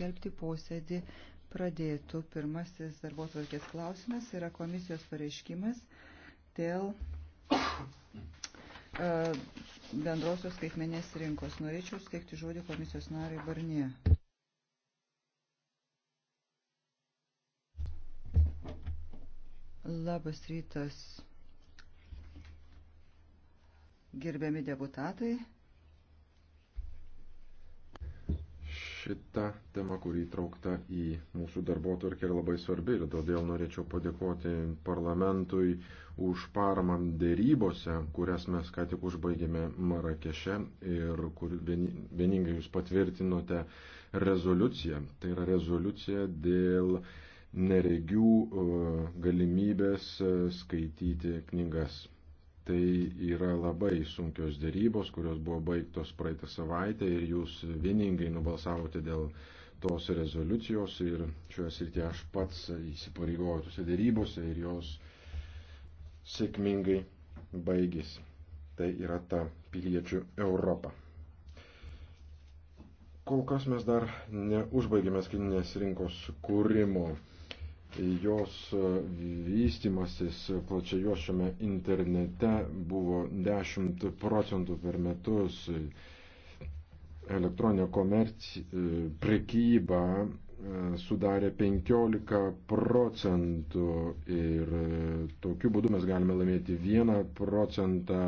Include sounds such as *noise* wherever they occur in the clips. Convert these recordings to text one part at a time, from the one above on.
Kelbti posėdį pradėtų. Pirmasis darbo tvarkės klausimas yra komisijos pareiškimas dėl e, bendrosios skaitmenės rinkos. Norėčiau steikti žodį komisijos nariai Barnie. Labas rytas, gerbiami deputatai. šita tema, kuri įtraukta į mūsų darbo tvarkį, yra labai svarbi ir todėl norėčiau padėkoti parlamentui už paramą dėrybose, kurias mes ką tik užbaigėme Marakeše ir kur vieningai jūs patvirtinote rezoliuciją. Tai yra rezoliucija dėl neregių e, galimybės e, skaityti knygas. Tai yra labai sunkios dėrybos, kurios buvo baigtos praeitą savaitę ir jūs vieningai nubalsavote dėl tos rezoliucijos ir šioje srityje aš pats įsipareigoju tose dėrybose ir jos sėkmingai baigėsi. Tai yra ta piliečių Europa. Kol kas mes dar neužbaigėme skaitinės rinkos kūrimo jos e, vystimasis plačiajuošiame internete buvo 10 procentų per metus. Elektroninė komerci, e, prekyba e, sudarė 15 procentų ir tokiu būdu mes galime laimėti 1 procentą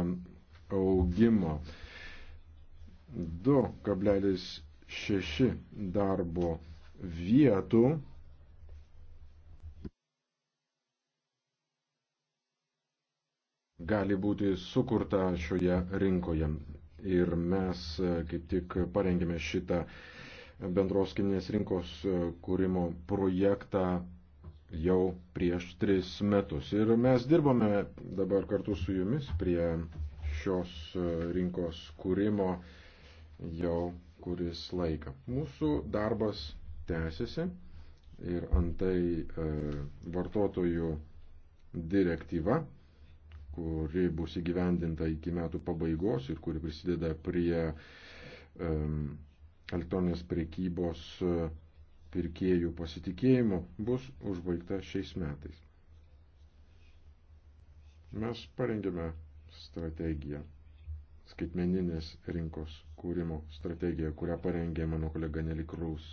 augimo. 2,6 darbo vietų gali būti sukurta šioje rinkoje. Ir mes e, kaip tik parengėme šitą bendros kiminės rinkos e, kūrimo projektą jau prieš tris metus. Ir mes dirbame dabar kartu su jumis prie šios e, rinkos kūrimo jau kuris laika. Mūsų darbas tęsiasi ir antai e, vartotojų direktyva kuri bus įgyvendinta iki metų pabaigos ir kuri prisideda prie um, elektroninės prekybos e, pirkėjų pasitikėjimo, bus užbaigta šiais metais. Mes parengėme strategiją, skaitmeninės rinkos kūrimo strategiją, kurią parengė mano kolega Nelikrus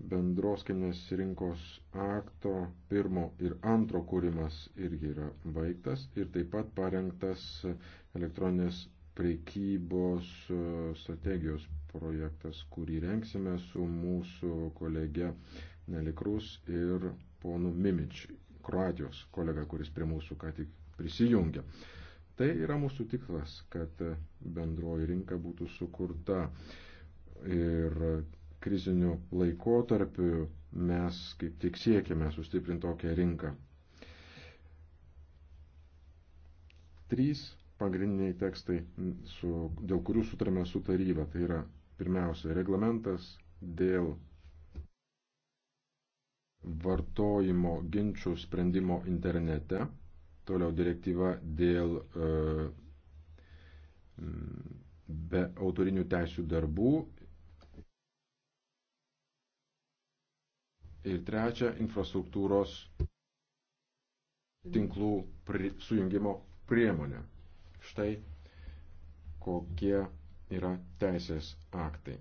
bendros kainės rinkos akto pirmo ir antro kūrimas irgi yra baigtas ir taip pat parengtas elektroninės prekybos e, strategijos projektas, kurį renksime su mūsų kolege Nelikrus ir ponu Mimič, Kroatijos kolega, kuris prie mūsų ką tik prisijungia. Tai yra mūsų tiklas, kad bendroji rinka būtų sukurta ir kriziniu laikotarpiu mes kaip tik siekiame sustiprinti tokią rinką. Trys pagrindiniai tekstai, su, dėl kurių sutarėme su taryba, tai yra pirmiausia reglamentas dėl vartojimo ginčių sprendimo internete, toliau direktyva dėl e, be autorinių teisių darbų Ir trečia, infrastruktūros tinklų pri, sujungimo priemonė. Štai kokie yra teisės aktai.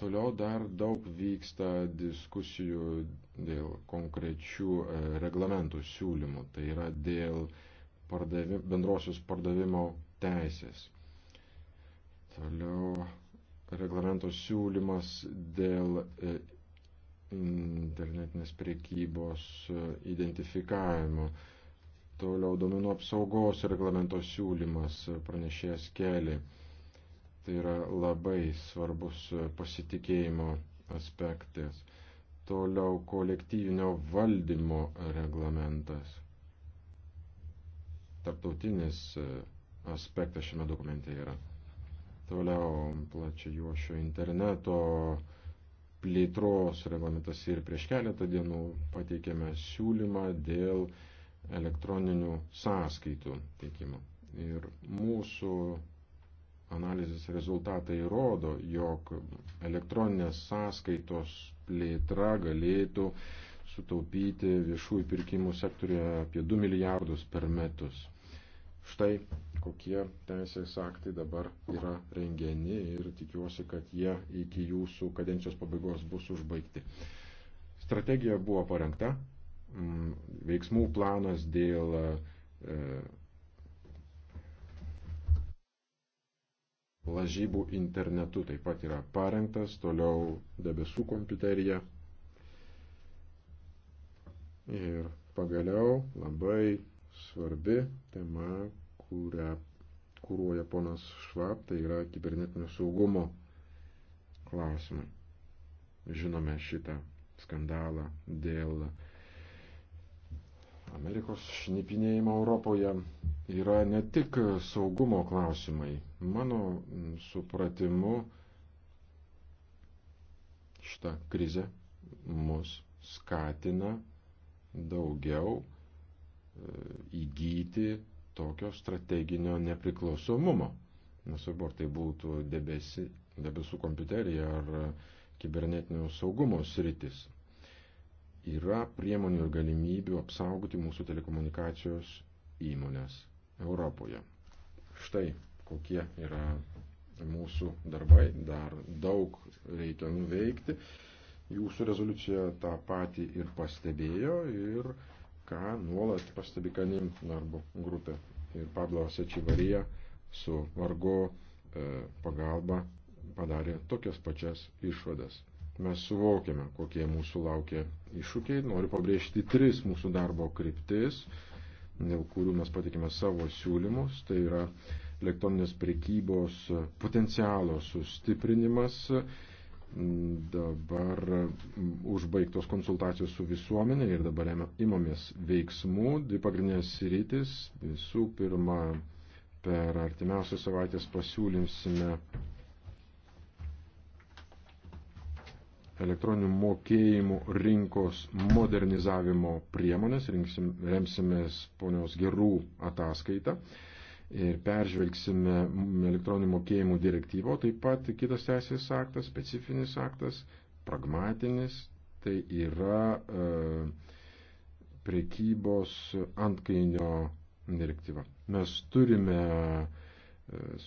Toliau dar daug vyksta diskusijų dėl konkrečių e, reglamentų siūlymų, tai yra dėl pardavim, bendrosios pardavimo teisės. Toliau reglamento siūlymas dėl e, internetinės priekybos e, identifikavimo. Toliau domenų apsaugos reglamento siūlymas e, pranešėjas keli. Tai yra labai svarbus e, pasitikėjimo aspektas. Toliau kolektyvinio valdymo reglamentas. Tarptautinis aspektas šiame dokumente yra. Toliau plačia juošio interneto plėtros reglamentas ir prieš keletą dienų pateikėme siūlymą dėl elektroninių sąskaitų teikimo. Ir mūsų analizės rezultatai rodo, jog elektroninės sąskaitos plėtra galėtų sutaupyti viešųjų pirkimų sektoriuje apie 2 milijardus per metus. Štai kokie teisės aktai dabar yra rengiami ir tikiuosi, kad jie iki jūsų kadencijos pabaigos bus užbaigti. Strategija buvo parengta, mm, veiksmų planas dėl e, lažybų internetu taip pat yra parengtas, toliau debesų kompiuterija. Ir pagaliau labai svarbi tema, kurią kūruoja ponas Švab, tai yra kibernetinio saugumo klausimai. Žinome šitą skandalą dėl Amerikos šnipinėjimo Europoje yra ne tik saugumo klausimai. Mano supratimu šitą krizę mus skatina daugiau įgyti tokio strateginio nepriklausomumo. Nesvarbu, ar tai būtų debesi, debesų kompiuterija ar kibernetinio saugumo sritis. Yra priemonių ir galimybių apsaugoti mūsų telekomunikacijos įmonės Europoje. Štai kokie yra mūsų darbai, dar daug reikia nuveikti. Jūsų rezoliucija tą patį ir pastebėjo ir ką nuolat pastebi Kanim darbo grupė ir Pablo Sečivarija su vargo e, pagalba padarė tokias pačias išvadas. Mes suvokiame, kokie mūsų laukia iššūkiai. Noriu pabrėžti tris mūsų darbo kryptis, dėl kurių mes patikime savo siūlymus. Tai yra elektroninės prekybos potencialo sustiprinimas, dabar užbaigtos konsultacijos su visuomenė ir dabar imamės veiksmų, dvi pagrindinės rytis. Visų pirma, per artimiausias savaitės pasiūlymsime elektroninių mokėjimų rinkos modernizavimo priemonės, remsimės ponios gerų ataskaitą ir peržvelgsime elektroninių mokėjimų direktyvą, taip pat kitas teisės aktas, specifinis aktas, pragmatinis, tai yra e, prekybos antkainio direktyva. Mes turime e,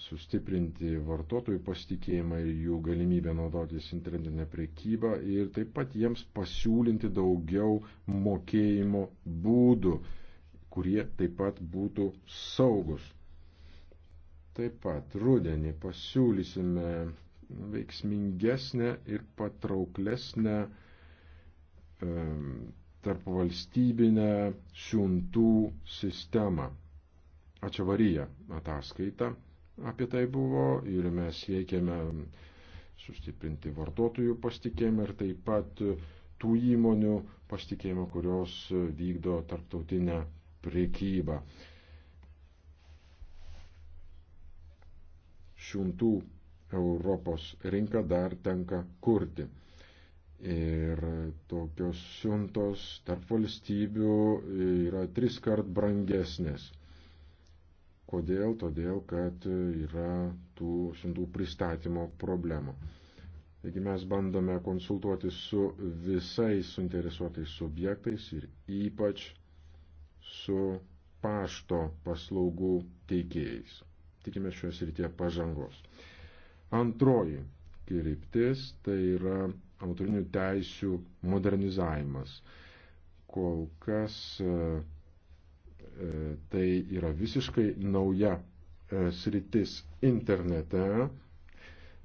sustiprinti vartotojų pasitikėjimą ir jų galimybę naudotis internetinę prekybą ir taip pat jiems pasiūlinti daugiau mokėjimo būdų, kurie taip pat būtų saugus. Taip pat rudenį pasiūlysime veiksmingesnę ir patrauklesnę tarp valstybinę siuntų sistemą. Ačiavaryje ataskaita apie tai buvo ir mes siekėme sustiprinti vartotojų pasitikėjimą ir taip pat tų įmonių pasitikėjimą, kurios vykdo tarptautinę priekybą. siuntų Europos rinką dar tenka kurti. Ir tokios siuntos tarp valstybių yra tris kart brangesnės. Kodėl? Todėl, kad yra tų siuntų pristatymo problemų. Taigi mes bandome konsultuoti su visais suinteresuotais subjektais ir ypač su pašto paslaugų teikėjais tikime šioje srityje pažangos. Antroji kryptis tai yra autorinių teisių modernizavimas. Kol kas e, e, tai yra visiškai nauja e, sritis internete.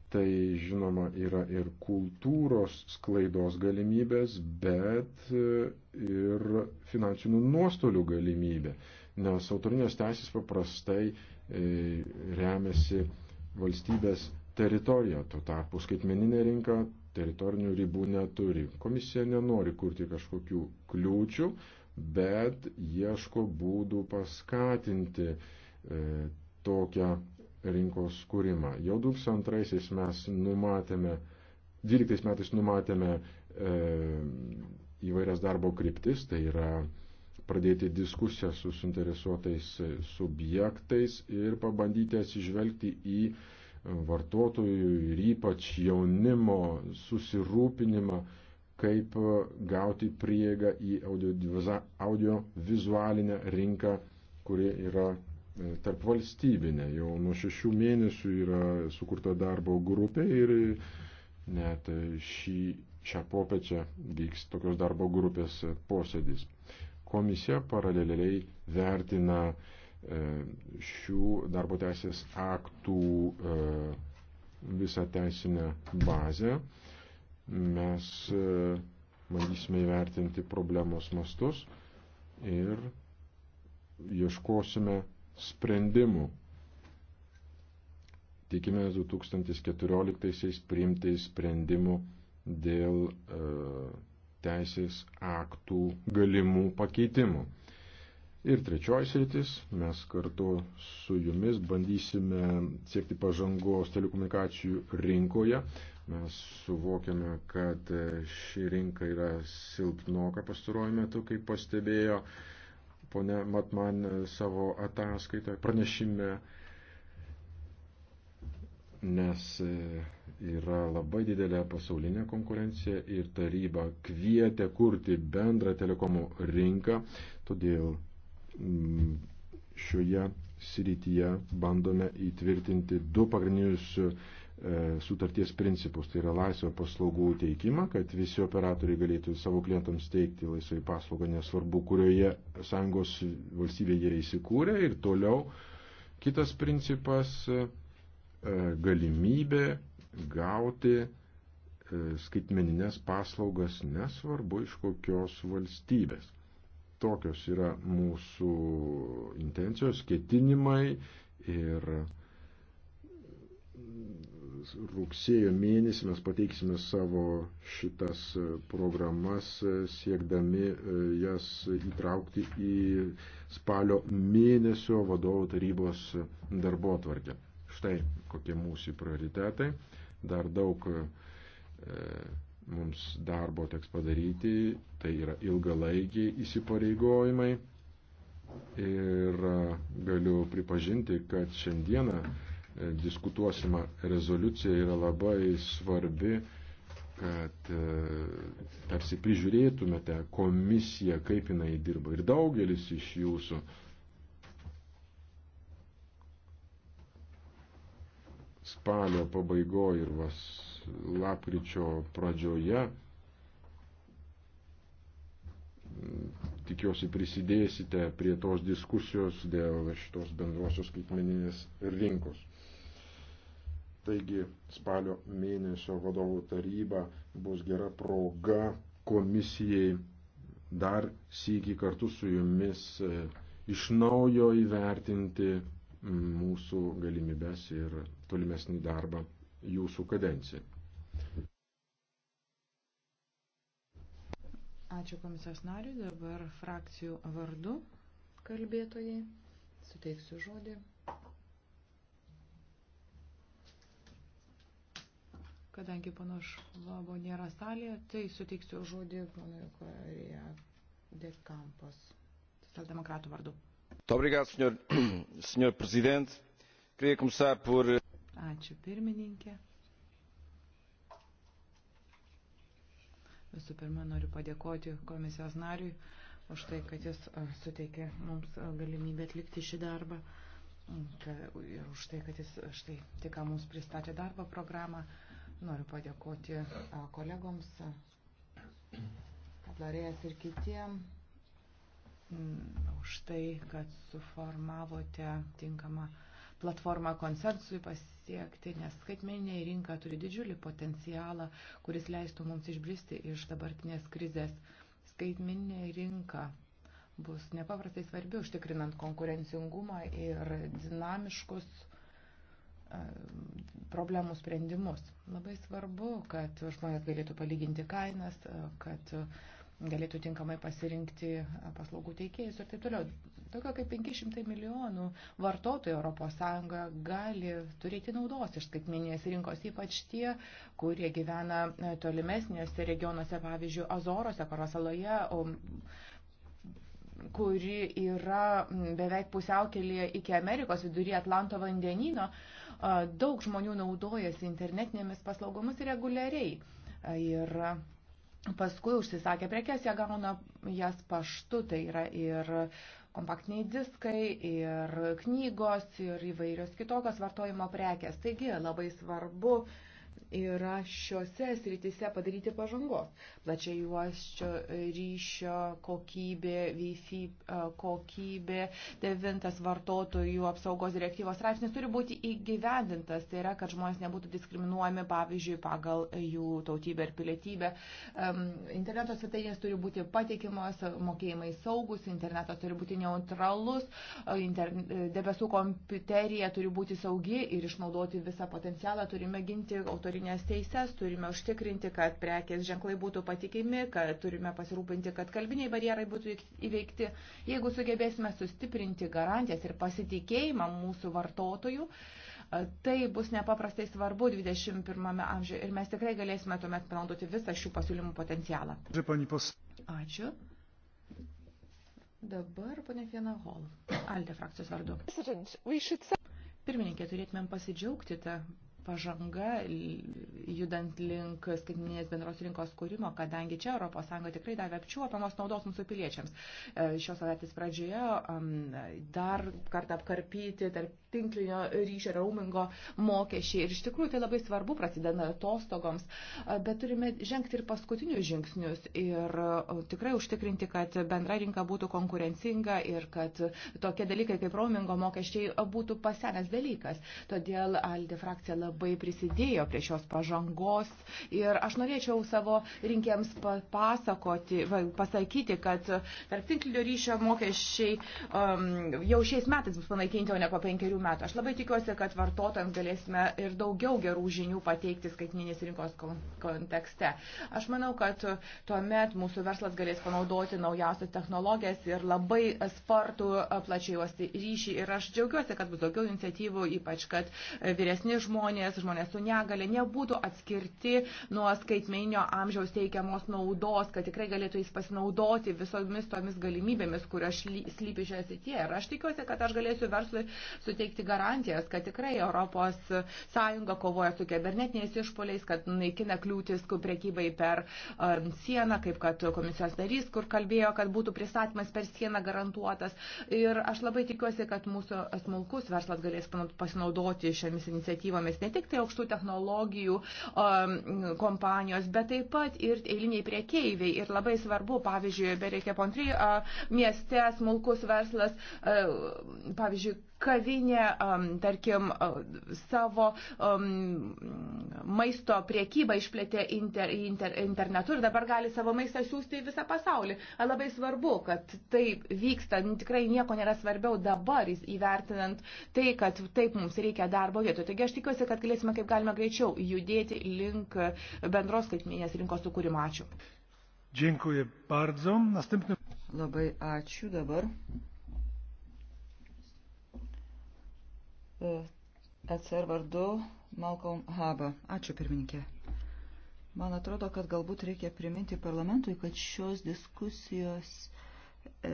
Tai žinoma yra ir kultūros sklaidos galimybės, bet ir finansinių nuostolių galimybė nes autorinės teisės paprastai e, remiasi valstybės teritorija, tuo tarpu skaitmeninė rinka teritorinių ribų neturi. Komisija nenori kurti kažkokių kliūčių, bet ieško būdų paskatinti e, tokią rinkos kūrimą. Jau 2002 mes numatėme, 12 metais numatėme e, įvairias darbo kryptis, tai yra pradėti diskusiją su suinteresuotais subjektais ir pabandyti atsižvelgti į vartotojų ir ypač jaunimo susirūpinimą, kaip gauti prieigą į audiovizualinę audio rinką, kuri yra e, tarp valstybinė. Jau nuo šešių mėnesių yra sukurta darbo grupė ir net šį, šią popiečią vyks tokios darbo grupės posėdis. Komisija paraleliai vertina e, šių darbo teisės aktų e, visą teisinę bazę. Mes e, bandysime įvertinti problemos mastus ir ieškosime sprendimų. Tikime 2014 priimtais sprendimų dėl e, teisės aktų galimų pakeitimų. Ir trečioji sritis, mes kartu su jumis bandysime siekti pažangos telekomunikacijų rinkoje. Mes suvokiame, kad ši rinka yra silpnoka pastaruoju metu, kaip pastebėjo ponia Matman savo ataskaitoje pranešime nes e, yra labai didelė pasaulinė konkurencija ir taryba kvietė kurti bendrą telekomų rinką, todėl šioje srityje bandome įtvirtinti du pagrindinius e, sutarties principus, tai yra laisvą paslaugų teikimą, kad visi operatoriai galėtų savo klientams teikti laisvai paslaugą, nesvarbu, kurioje sąjungos valstybėje įsikūrė ir toliau kitas principas e, E, galimybė gauti e, skaitmeninės paslaugas nesvarbu iš kokios valstybės. Tokios yra mūsų intencijos, ketinimai ir rugsėjo mėnesį mes pateiksime savo šitas programas, e, siekdami jas įtraukti į spalio mėnesio vadovų tarybos darbo atvarkę. Štai kokie mūsų prioritetai. Dar daug e, mums darbo teks padaryti, tai yra ilgalaikiai įsipareigojimai. Ir e, galiu pripažinti, kad šiandieną e, diskutuosima rezoliucija yra labai svarbi, kad e, tarsi prižiūrėtumėte komisiją, kaip jinai dirba. Ir daugelis iš jūsų spalio pabaigoje ir vas, lapkričio pradžioje. Tikiuosi prisidėsite prie tos diskusijos dėl šitos bendrosios skaitmeninės rinkos. Taigi spalio mėnesio vadovų taryba bus gera proga komisijai dar sykį kartu su jumis e, iš naujo įvertinti mūsų galimybės ir tolimesnį darbą jūsų kadencijai. Ačiū komisijos nariui, dabar frakcijų vardu kalbėtojai. Suteiksiu žodį. Kadangi panašu labo nėra salėje, tai suteiksiu žodį ponui Korėja Dekampos, socialdemokratų vardu. *clears throat* senhor presidente queria começar por ačiū pirmininke visų pirma noriu padėkoti komisijos nariui už tai kad jis suteikė mums galimybę atlikti šį darbą ir už tai kad jis štai tik ką mums pristatė darbo programą noriu padėkoti kolegoms *clears throat* Katlarėjas ir kitiems Mm, už tai, kad suformavote tinkamą platformą konsensui pasiekti, nes skaitmeninė rinka turi didžiulį potencialą, kuris leistų mums išbristi iš dabartinės krizės. Skaitmeninė rinka bus nepaprastai svarbi užtikrinant konkurencingumą ir dinamiškus e, problemų sprendimus. Labai svarbu, kad žmonės galėtų palyginti kainas, e, kad uh, galėtų tinkamai pasirinkti e, paslaugų teikėjus ir taip toliau. Tokio kaip 500 milijonų vartotojų ES gali turėti naudos iš skaitmeninės rinkos, ypač tie, kurie gyvena e, tolimesnėse regionuose, pavyzdžiui, Azorose, Karosaloje, kuri yra beveik pusiaukelėje iki Amerikos vidury Atlanto vandenino, e, daug žmonių naudojasi internetinėmis paslaugomis reguliariai. Ir paskui užsisakė prekes, jie gauna jas paštu, tai yra ir kompaktiniai diskai, ir knygos, ir įvairios kitokios vartojimo prekes. Taigi labai svarbu yra šiuose srityse padaryti pažangos. Plačiai juosčio e, ryšio kokybė, Wi-Fi e, kokybė, devintas vartotojų apsaugos direktyvos straipsnis turi būti įgyvendintas. Tai yra, kad žmonės nebūtų diskriminuojami, pavyzdžiui, pagal jų tautybę ir pilietybę. Interneto svetainės turi būti patikimos, mokėjimai saugus, internetas turi būti neutralus, e, debesų kompiuterija turi būti saugi ir išnaudoti visą potencialą turime ginti autoritetą autorinės teises, turime užtikrinti, kad prekės ženklai būtų patikimi, kad turime pasirūpinti, kad kalbiniai barjerai būtų įveikti. Jeigu sugebėsime sustiprinti garantijas ir pasitikėjimą mūsų vartotojų, tai bus nepaprastai svarbu 21 amžiuje ir mes tikrai galėsime tuomet panaudoti visą šių pasiūlymų potencialą. Ačiū. Dabar ponė Fiena Hall, Alde frakcijos vardu. Pirmininkė, turėtumėm pasidžiaugti tą pažanga judant link skaitminės bendros rinkos kūrimo, kadangi čia ES tikrai davė apčiuopamos naudos mūsų piliečiams. E, šios savaitės pradžioje dar kartą apkarpyti tarp tinklinio ryšio raumingo mokesčiai. Ir iš tikrųjų tai labai svarbu prasideda atostogoms, e, bet turime žengti ir paskutinius žingsnius ir e, tikrai užtikrinti, kad bendra rinka būtų konkurencinga ir kad tokie dalykai kaip raumingo mokesčiai būtų pasenęs dalykas. Todėl Aldi frakcija labai labai prisidėjo prie šios pažangos ir aš norėčiau savo rinkėjams papasakoti, pasakyti, kad tarp tinklinio ryšio mokesčiai um, jau šiais metais bus panaikinti, o ne po penkerių metų. Aš labai tikiuosi, kad vartotojams galėsime ir daugiau gerų žinių pateikti skaitminės rinkos kontekste. Aš manau, kad tuomet mūsų verslas galės panaudoti naujausias technologijas ir labai spartų plačiai juosti ryšį. Ir aš džiaugiuosi, kad bus daugiau iniciatyvų, ypač kad vyresni žmonės žmonės, žmonės su negale nebūtų atskirti nuo skaitmeninio amžiaus teikiamos naudos, kad tikrai galėtų jis pasinaudoti visomis tomis galimybėmis, kurios slypi šioje srityje. Ir aš tikiuosi, kad aš galėsiu verslui suteikti garantijas, kad tikrai Europos Sąjunga kovoja su kibernetiniais išpoliais, kad naikina kliūtis prekybai per um, sieną, kaip kad komisijos narys, kur kalbėjo, kad būtų pristatymas per sieną garantuotas. Ir aš labai tikiuosi, kad mūsų smulkus verslas galės pasinaudoti šiomis iniciatyvomis ne tik tik tai aukštų technologijų um, kompanijos, bet taip pat ir eiliniai priekeiviai. Ir labai svarbu, pavyzdžiui, Berekė Pontry uh, mieste smulkus verslas, uh, pavyzdžiui, kavinė, um, tarkim, uh, savo um, maisto priekybą išplėtė inter, inter, internetu ir dabar gali savo maistą siūsti į visą pasaulį. Labai svarbu, kad taip vyksta, nu, tikrai nieko nėra svarbiau dabar įvertinant tai, kad taip mums reikia darbo vietų. Taigi aš tikiuosi, kad galėsime kaip galima greičiau judėti link bendros skaitminės rinkos sukūrimo. Ačiū. Dziękuję bardzo. Następny... Labai ačiū dabar. E, ECR vardu Malcolm Haba. Ačiū pirmininkė. Man atrodo, kad galbūt reikia priminti parlamentui, kad šios diskusijos e,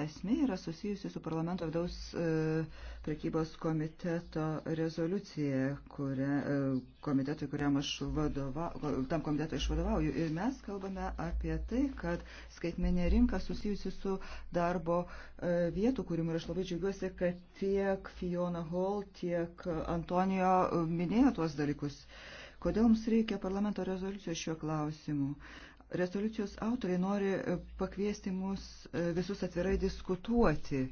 esmė yra susijusi su parlamento vidaus e, prekybos komiteto rezoliucija, kuria, e, komitetui, kuriam aš vadova, tam komitetui aš vadovauju. Ir mes kalbame apie tai, kad skaitmenė rinka susijusi su darbo e, vietų kūrimu. Ir aš labai džiaugiuosi, kad tiek Fiona Hall, tiek Antonijo minėjo tuos dalykus. Kodėl mums reikia parlamento rezoliucijos šiuo klausimu? Uh, Rezoliucijos autoriai nori e, pakviesti mus e, visus atvirai diskutuoti.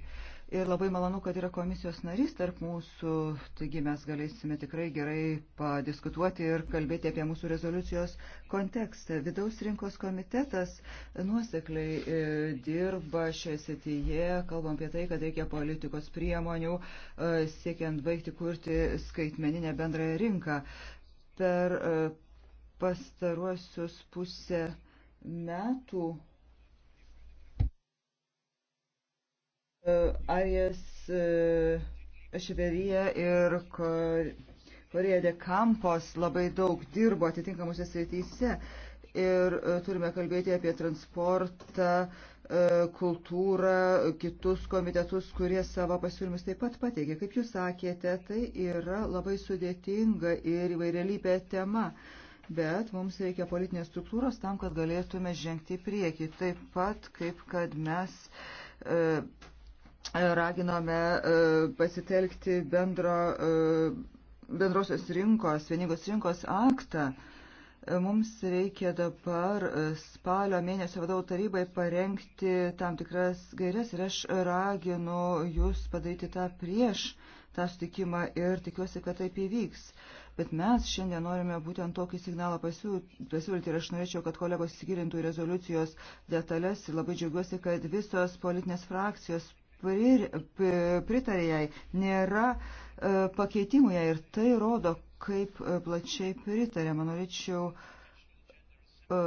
Ir labai malonu, kad yra komisijos narys tarp mūsų, taigi mes galėsime tikrai gerai padiskutuoti ir kalbėti apie mūsų rezoliucijos kontekstą. Vidaus rinkos komitetas nuosekliai e, dirba šioje srityje, kalbam apie tai, kad reikia politikos priemonių, siekiant baigti kurti skaitmeninę bendrąją rinką. Per pastaruosius pusę metų e, Arijas Šverija e, ir Korėja de Kampos labai daug dirbo atitinkamuose srityse ir e, turime kalbėti apie transportą, kultūrą, kitus komitetus, kurie savo pasiūlymus taip pat pateikė. Kaip jūs sakėte, tai yra labai sudėtinga ir įvairialypė tema bet mums reikia politinės struktūros tam, kad galėtume žengti į priekį. Taip pat, kaip kad mes e, e raginome e, pasitelkti bendro, e, bendrosios rinkos, vieningos rinkos aktą. E, mums reikia dabar e, spalio mėnesio vadovų tarybai parengti tam tikras gairias ir aš raginu jūs padaryti tą prieš tą sutikimą ir tikiuosi, kad taip įvyks. Uh, Bet mes šiandien norime būtent tokį signalą pasiūlyti ir aš norėčiau, kad kolegos įsigilintų į rezoliucijos detalės ir labai džiaugiuosi, kad visos politinės frakcijos pritarė jai, nėra e, pakeitimų jai ir tai rodo, kaip e, plačiai pritarė. Man norėčiau e,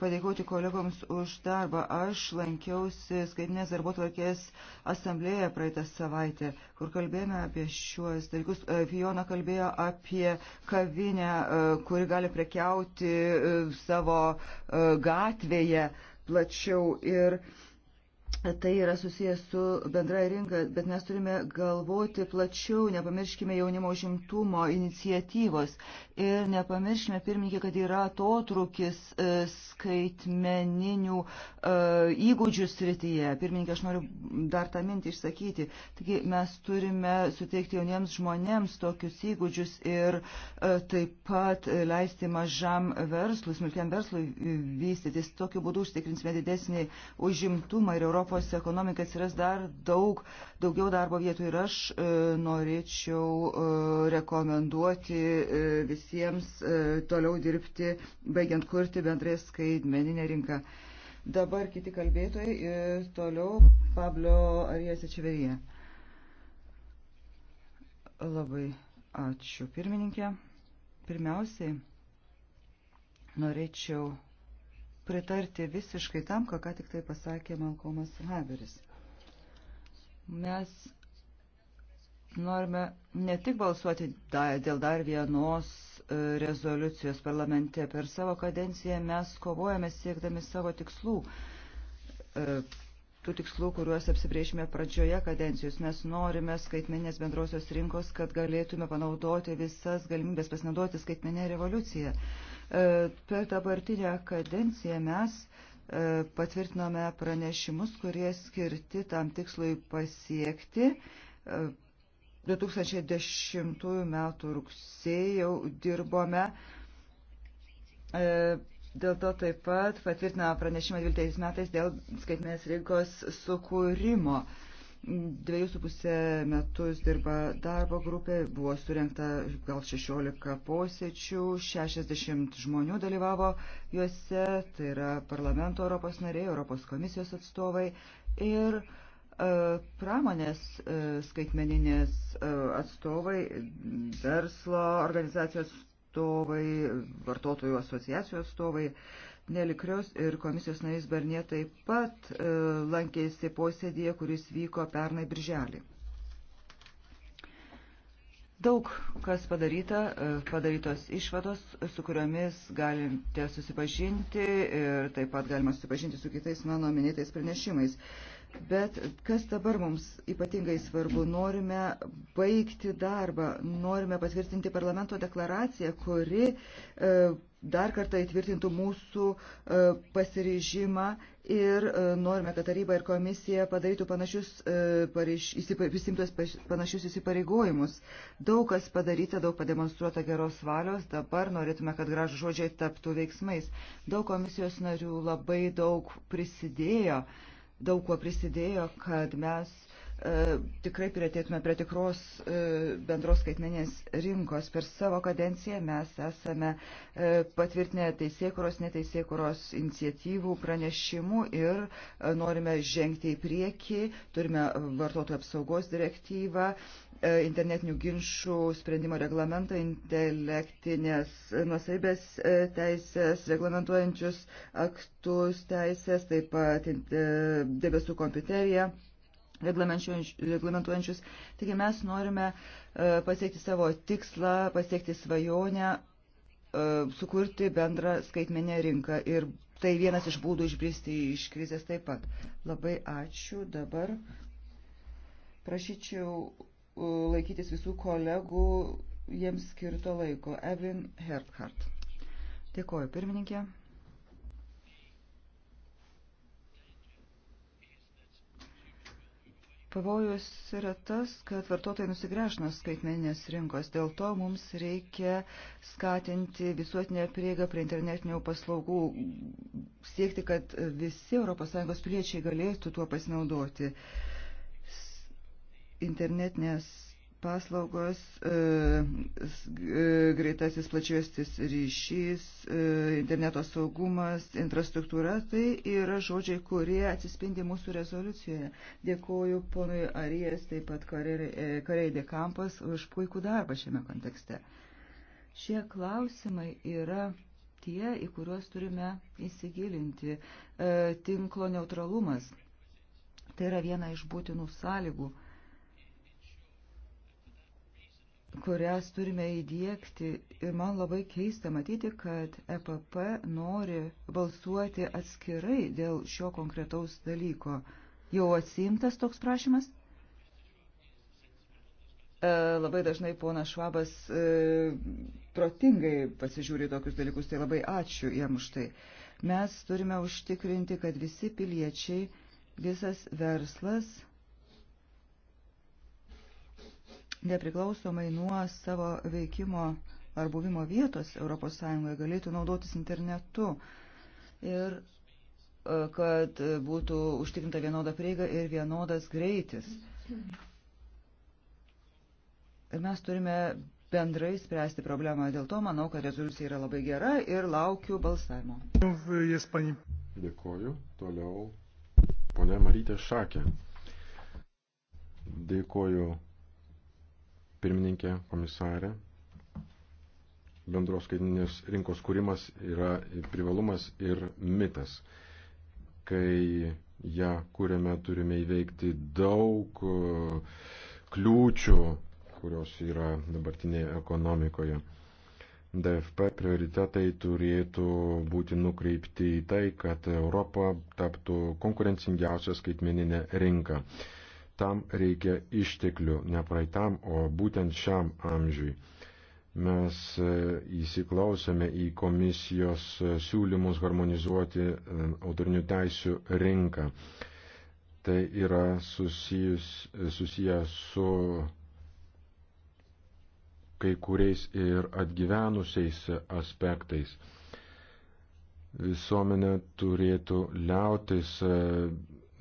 padėkoti kolegoms už darbą. Aš lankiausi skaitinės darbo tvarkės asamblėje praeitą savaitę, kur kalbėjome apie šiuos dalykus. E, Fiona kalbėjo apie kavinę, e, kuri gali prekiauti e, savo gatvėje plačiau ir uh, Tai yra susijęs su bendra rinka, bet mes turime galvoti plačiau, nepamirškime jaunimo užimtumo iniciatyvos ir nepamirškime, pirmininkė, kad yra atotrukis e, skaitmeninių e, įgūdžių srityje. Pirmininkė, aš noriu dar tą mintį išsakyti. Taigi mes turime suteikti jauniems žmonėms tokius įgūdžius ir e, taip pat leisti mažam verslui, smulkiam verslui vystytis. Tokiu būdu užtikrinsime didesnį užimtumą ir Europą rinkos ekonomikai atsiras dar daug, daugiau darbo vietų ir aš e, norėčiau e, rekomenduoti e, visiems e, toliau dirbti, baigiant kurti bendrai skaitmeninę rinką. Dabar kiti kalbėtojai ir toliau Pablo Arijas Ečiverija. Labai ačiū pirmininkė. Pirmiausiai norėčiau pritarti visiškai tam, ką ką tik tai pasakė Malkomas Haberis. Mes norime ne tik balsuoti dėl dar vienos e, rezoliucijos parlamente. Per savo kadenciją mes kovojame siekdami savo tikslų. E, tų tikslų, kuriuos apsibrėžime pradžioje kadencijos, mes norime skaitmenės bendrosios rinkos, kad galėtume panaudoti visas galimybės pasinaudoti skaitmenę revoliuciją. E, per dabartinę kadenciją mes e, patvirtinome pranešimus, kurie skirti tam tikslui pasiekti. 2010 e, m. rugsėjau dirbome. Dėl to taip pat patvirtiname pranešimą 12 metais dėl skaitmės rinkos sukūrimo. Dviejus su pusė metus dirba darbo grupė, buvo surinkta gal 16 posėčių, 60 žmonių dalyvavo juose, tai yra parlamento Europos nariai, Europos komisijos atstovai ir e, pramonės e, skaitmeninės e, atstovai, verslo organizacijos atstovai, vartotojų asociacijos atstovai. Nelikrios ir komisijos narys Barnė taip pat e, lankėsi posėdėje, kuris vyko pernai birželį. Daug kas padaryta, e, padarytos išvados, su kuriomis galite susipažinti ir taip pat galima susipažinti su kitais mano minėtais pranešimais. Bet kas dabar mums ypatingai svarbu, norime baigti darbą, norime patvirtinti parlamento deklaraciją, kuri e, dar kartą įtvirtintų mūsų e, pasiryžimą ir e, norime, kad taryba ir komisija padarytų panašius, e, prisimtos panašius įsipareigojimus. Daug kas padaryta, daug pademonstruota geros valios, dabar norėtume, kad gražų žodžiai taptų veiksmais. Daug komisijos narių labai daug prisidėjo, daug kuo prisidėjo, kad mes E, tikrai prieatėtume prie tikros e, bendros skaitmenės rinkos. Per savo kadenciją mes esame e, patvirtinę teisėkuros, neteisėkuros iniciatyvų pranešimų ir norime žengti į priekį. Turime vartotojų apsaugos direktyvą, internetinių ginčių sprendimo reglamentą, intelektinės nusaibės teisės, reglamentuojančius aktus teisės, taip pat debesų kompiuteriją reglamentuojančius. Taigi mes norime e, pasiekti savo tikslą, pasiekti svajonę, e, sukurti bendrą skaitmenę rinką. Ir tai vienas iš būdų išbristi iš krizės taip pat. Labai ačiū. Dabar prašyčiau e, laikytis visų kolegų jiems skirto laiko. Evin Herbhardt. Dėkoju, pirmininkė. Pavojus yra tas, kad vartotojai nusigręš nuo skaitmeninės rinkos. Dėl to mums reikia skatinti visuotinę prieigą prie internetinių paslaugų, siekti, kad visi ES piliečiai galėtų tuo pasinaudoti. Internetinės paslaugos, e, greitasis plačiuostis ryšys, e, interneto saugumas, infrastruktūra, tai yra žodžiai, kurie atsispindi mūsų rezoliucijoje. Dėkoju ponui Arijas, taip pat kariai e, Dekampas už puikų darbą šiame kontekste. Šie klausimai yra tie, į kuriuos turime įsigilinti. Tinklo neutralumas. Tai yra viena iš būtinų sąlygų kurias turime įdėkti. Ir man labai keista matyti, kad EPP nori balsuoti atskirai dėl šio konkretaus dalyko. Jau atsimtas toks prašymas? E, labai dažnai ponas Švabas e, protingai pasižiūri tokius dalykus, tai labai ačiū jam už tai. Mes turime užtikrinti, kad visi piliečiai, visas verslas nepriklausomai nuo savo veikimo ar buvimo vietos ES galėtų naudotis internetu ir e, kad būtų užtikrinta vienoda prieiga ir vienodas greitis. Ir mes turime bendrai spręsti problemą. Dėl to manau, kad rezoliucija yra labai gera ir laukiu balsavimo. Dėkoju. Toliau. Pone Marytė Šakė. Dėkoju pirmininkė, komisarė. Bendros skaitinės rinkos kūrimas yra privalumas ir mitas. Kai ją kūrėme, turime įveikti daug uh, kliūčių, kurios yra dabartinėje ekonomikoje. DFP prioritetai turėtų būti nukreipti į tai, kad Europa taptų konkurencingiausia skaitmeninė rinka. Tam reikia išteklių, ne praeitam, o būtent šiam amžiui. Mes e, įsiklausome į komisijos e, siūlymus harmonizuoti e, autorinių teisių rinką. Tai yra susijus, susijęs su kai kuriais ir atgyvenusiais aspektais. Visuomenė turėtų liautis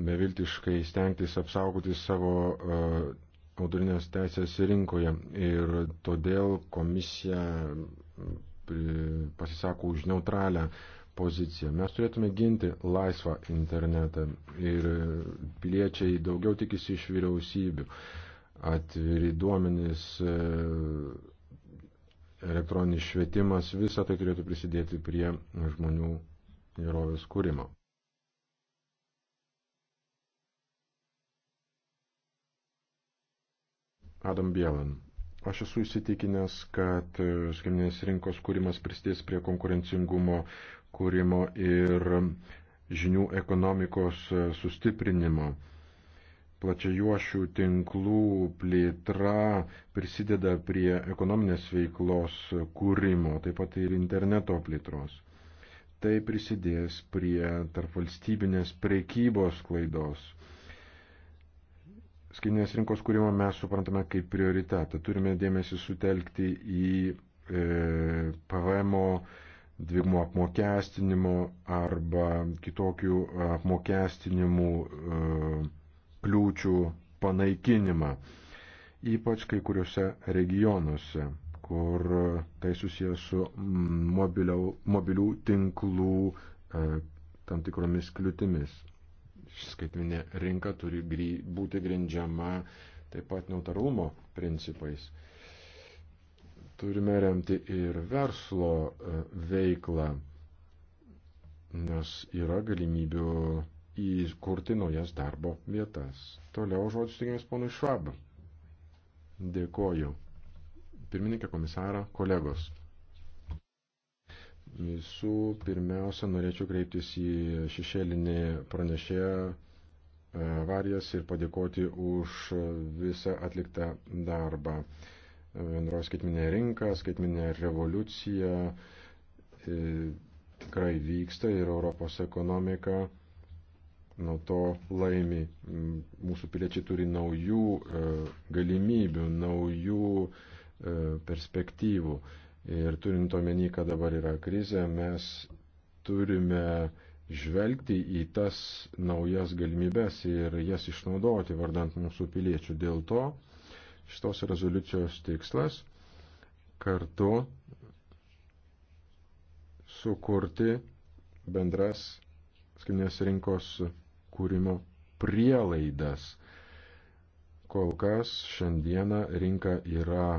beviltiškai stengtis apsaugoti savo e, autorinės teisės rinkoje. Ir todėl komisija e, pasisako už neutralią poziciją. Mes turėtume ginti laisvą internetą ir piliečiai daugiau tikisi iš vyriausybių. Atviri duomenys, e, elektroninis švietimas, visa tai turėtų prisidėti prie žmonių gerovės kūrimo. Adam Bielan. Aš esu įsitikinęs, kad e, skaitmeninės rinkos kūrimas prisidės prie konkurencingumo kūrimo ir žinių ekonomikos e, sustiprinimo. Plačiajuošių tinklų plėtra prisideda prie ekonominės veiklos kūrimo, taip pat ir interneto plėtros. Tai prisidės prie tarpvalstybinės prekybos klaidos skaitinės rinkos kūrimą mes suprantame kaip prioritetą. Turime dėmesį sutelkti į e, PVM dvigumo apmokestinimo arba kitokių apmokestinimų e, kliūčių panaikinimą. Ypač kai kuriuose regionuose, kur tai susijęs su mobiliau, mobilių tinklų e, tam tikromis kliūtimis skaitminė rinka turi gry, būti grindžiama taip pat neutralumo principais. Turime remti ir verslo e, veiklą, nes yra galimybių įkurti naujas darbo vietas. Toliau žodžius tikimės ponui Švab. Dėkoju. Pirmininkė komisaro, kolegos. Visų pirmiausia, norėčiau kreiptis į šešėlinį pranešėją e, Varijas ir padėkoti už visą atliktą darbą. E, bendroji skaitminė rinka, skaitminė revoliucija e, tikrai vyksta ir Europos ekonomika nuo to laimi. Mūsų piliečiai turi naujų galimybių, naujų perspektyvų Ir turint omeny, kad dabar yra krizė, mes turime žvelgti į tas naujas galimybės ir jas išnaudoti vardant mūsų piliečių. Dėl to šitos rezoliucijos tikslas kartu sukurti bendras skaitinės rinkos kūrimo prielaidas. Kol kas šiandieną rinka yra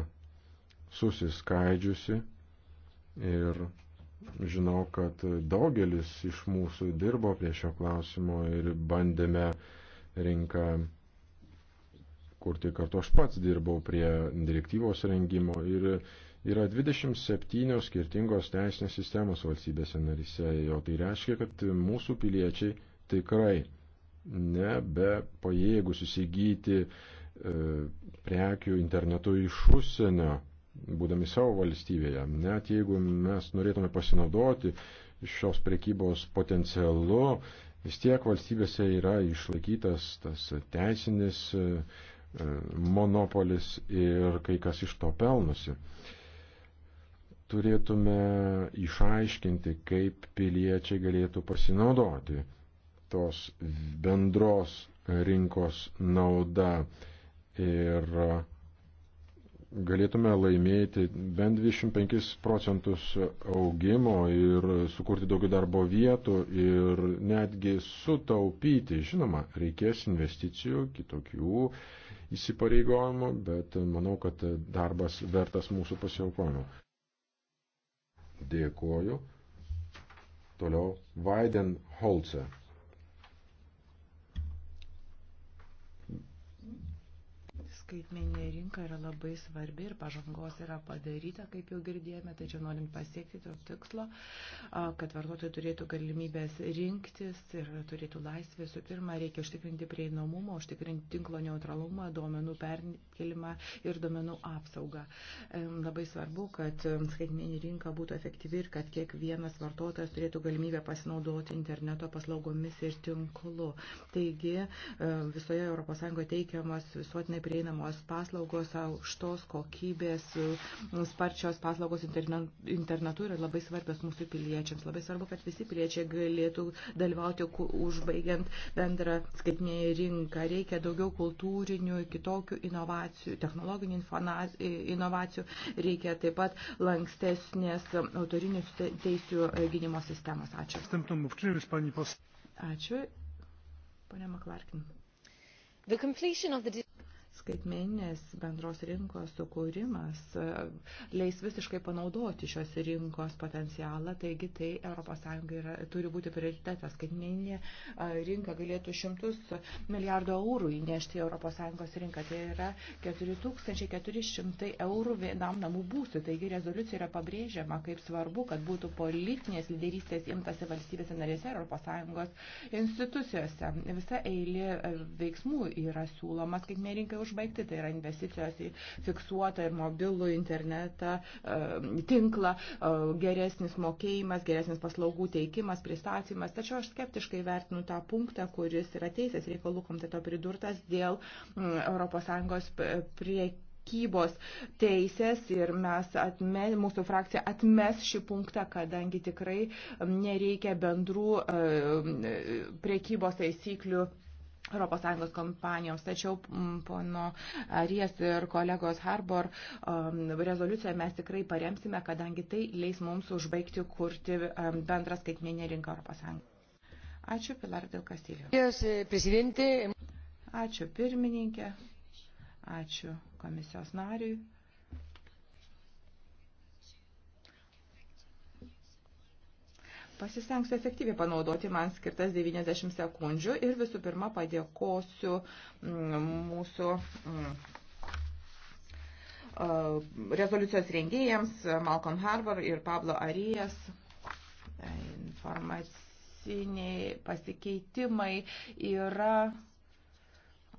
susiskaidžiusi ir žinau, kad daugelis iš mūsų dirbo prie šio klausimo ir bandėme rinką kurti kartu. Aš pats dirbau prie direktyvos rengimo ir yra 27 skirtingos teisinės sistemos valstybėse narise, o tai reiškia, kad mūsų piliečiai tikrai nebe pajėgus įsigyti e, prekių internetu iš užsienio būdami savo valstybėje. Net jeigu mes norėtume pasinaudoti šios prekybos potencialu, vis tiek valstybėse yra išlaikytas tas teisinis e, e, monopolis ir kai kas iš to pelnusi. Turėtume išaiškinti, kaip piliečiai galėtų pasinaudoti tos bendros rinkos nauda ir galėtume laimėti bent 25 procentus augimo ir sukurti daugiau darbo vietų ir netgi sutaupyti. Žinoma, reikės investicijų, kitokių įsipareigojimų, bet manau, kad darbas vertas mūsų pasiaukojimo. Dėkuoju. Toliau Vaiden Holce. skaitmeninė rinka yra labai svarbi ir pažangos yra padaryta, kaip jau girdėjome, tačiau norint pasiekti to tikslo, kad vartotojai turėtų galimybės rinktis ir turėtų laisvę, su pirma, reikia užtikrinti prieinamumą, užtikrinti tinklo neutralumą, duomenų perkelimą ir duomenų apsaugą. Labai svarbu, kad skaitmeninė rinka būtų efektyvi ir kad kiekvienas vartotojas turėtų galimybę pasinaudoti interneto paslaugomis ir tinklu. Taigi e, visoje ES teikiamas visuotinai prieinama teikiamos paslaugos aukštos kokybės, sparčios paslaugos internetu yra labai svarbios mūsų piliečiams. Labai svarbu, kad visi piliečiai galėtų dalyvauti užbaigiant bendrą skaitinėje rinką. Reikia daugiau kultūrinių, kitokių inovacijų, technologinių inovacijų. Reikia taip pat lankstesnės autorinių teisių gynimo sistemos. Ačiū. Ačiū. Pone Maklarkin. The completion of the skaitmeninės bendros rinkos sukūrimas e, leis visiškai panaudoti šios rinkos potencialą, taigi tai ES yra, turi būti prioritetas. Skaitmeninė e, rinka galėtų šimtus milijardo eurų įnešti ES rinką, tai yra 4400 eurų vienam namų būstui. Taigi rezoliucija yra pabrėžiama, kaip svarbu, kad būtų politinės lyderystės imtasi valstybėse narėse ES institucijose. Visa eilė e, veiksmų yra siūloma skaitmeninė rinka užbaigti, tai yra investicijos į fiksuotą ir mobilų internetą, e, tinklą, e, geresnis mokėjimas, geresnis paslaugų teikimas, pristatymas. Tačiau aš skeptiškai vertinu tą punktą, kuris yra teisės reikalų komiteto pridurtas dėl ES prie prekybos teisės ir mes atme, mūsų frakcija atmes šį punktą, kadangi tikrai nereikia bendrų e, prekybos taisyklių ES kompanijoms. Tačiau pono Arijas ir kolegos Harbor um, rezoliuciją mes tikrai paremsime, kadangi tai leis mums užbaigti kurti um, bendrą skaitminę rinką ES. Ačiū, Pilar dėl Kastilio. Eh, ačiū pirmininkė, ačiū komisijos nariui, Pasistengsiu efektyviai panaudoti man skirtas 90 sekundžių ir visų pirma padėkosiu mm, mūsų mm, rezoliucijos rengėjams Malcolm Harbour ir Pablo Arijas informaciniai pasikeitimai yra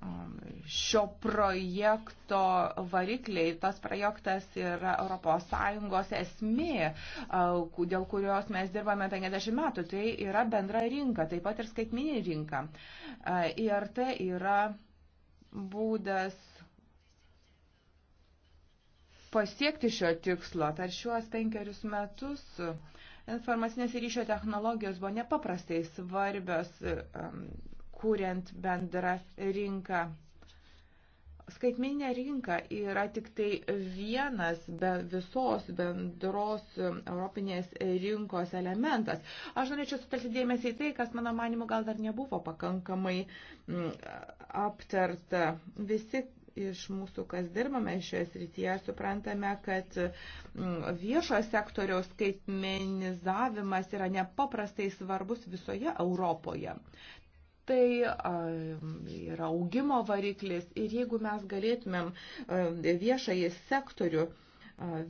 Um, šio projekto varikliai, tas projektas yra ES esmė, uh, dėl kurios mes dirbame 50 metų, tai yra bendra rinka, taip pat ir skaitminė rinka. Uh, ir tai yra būdas pasiekti šio tikslo. Per šiuos penkerius metus informacinės ryšio technologijos buvo nepaprastai svarbios. Um, kuriant bendrą rinką. Skaitmeninė rinka yra tik tai vienas be visos bendros europinės rinkos elementas. Aš norėčiau sutelkti dėmesį į tai, kas mano manimu gal dar nebuvo pakankamai mm, aptarta. Visi iš mūsų, kas dirbame šioje srityje, suprantame, kad mm, viešo sektoriaus skaitmenizavimas yra nepaprastai svarbus visoje Europoje tai yra augimo variklis ir jeigu mes galėtumėm viešąjį sektorių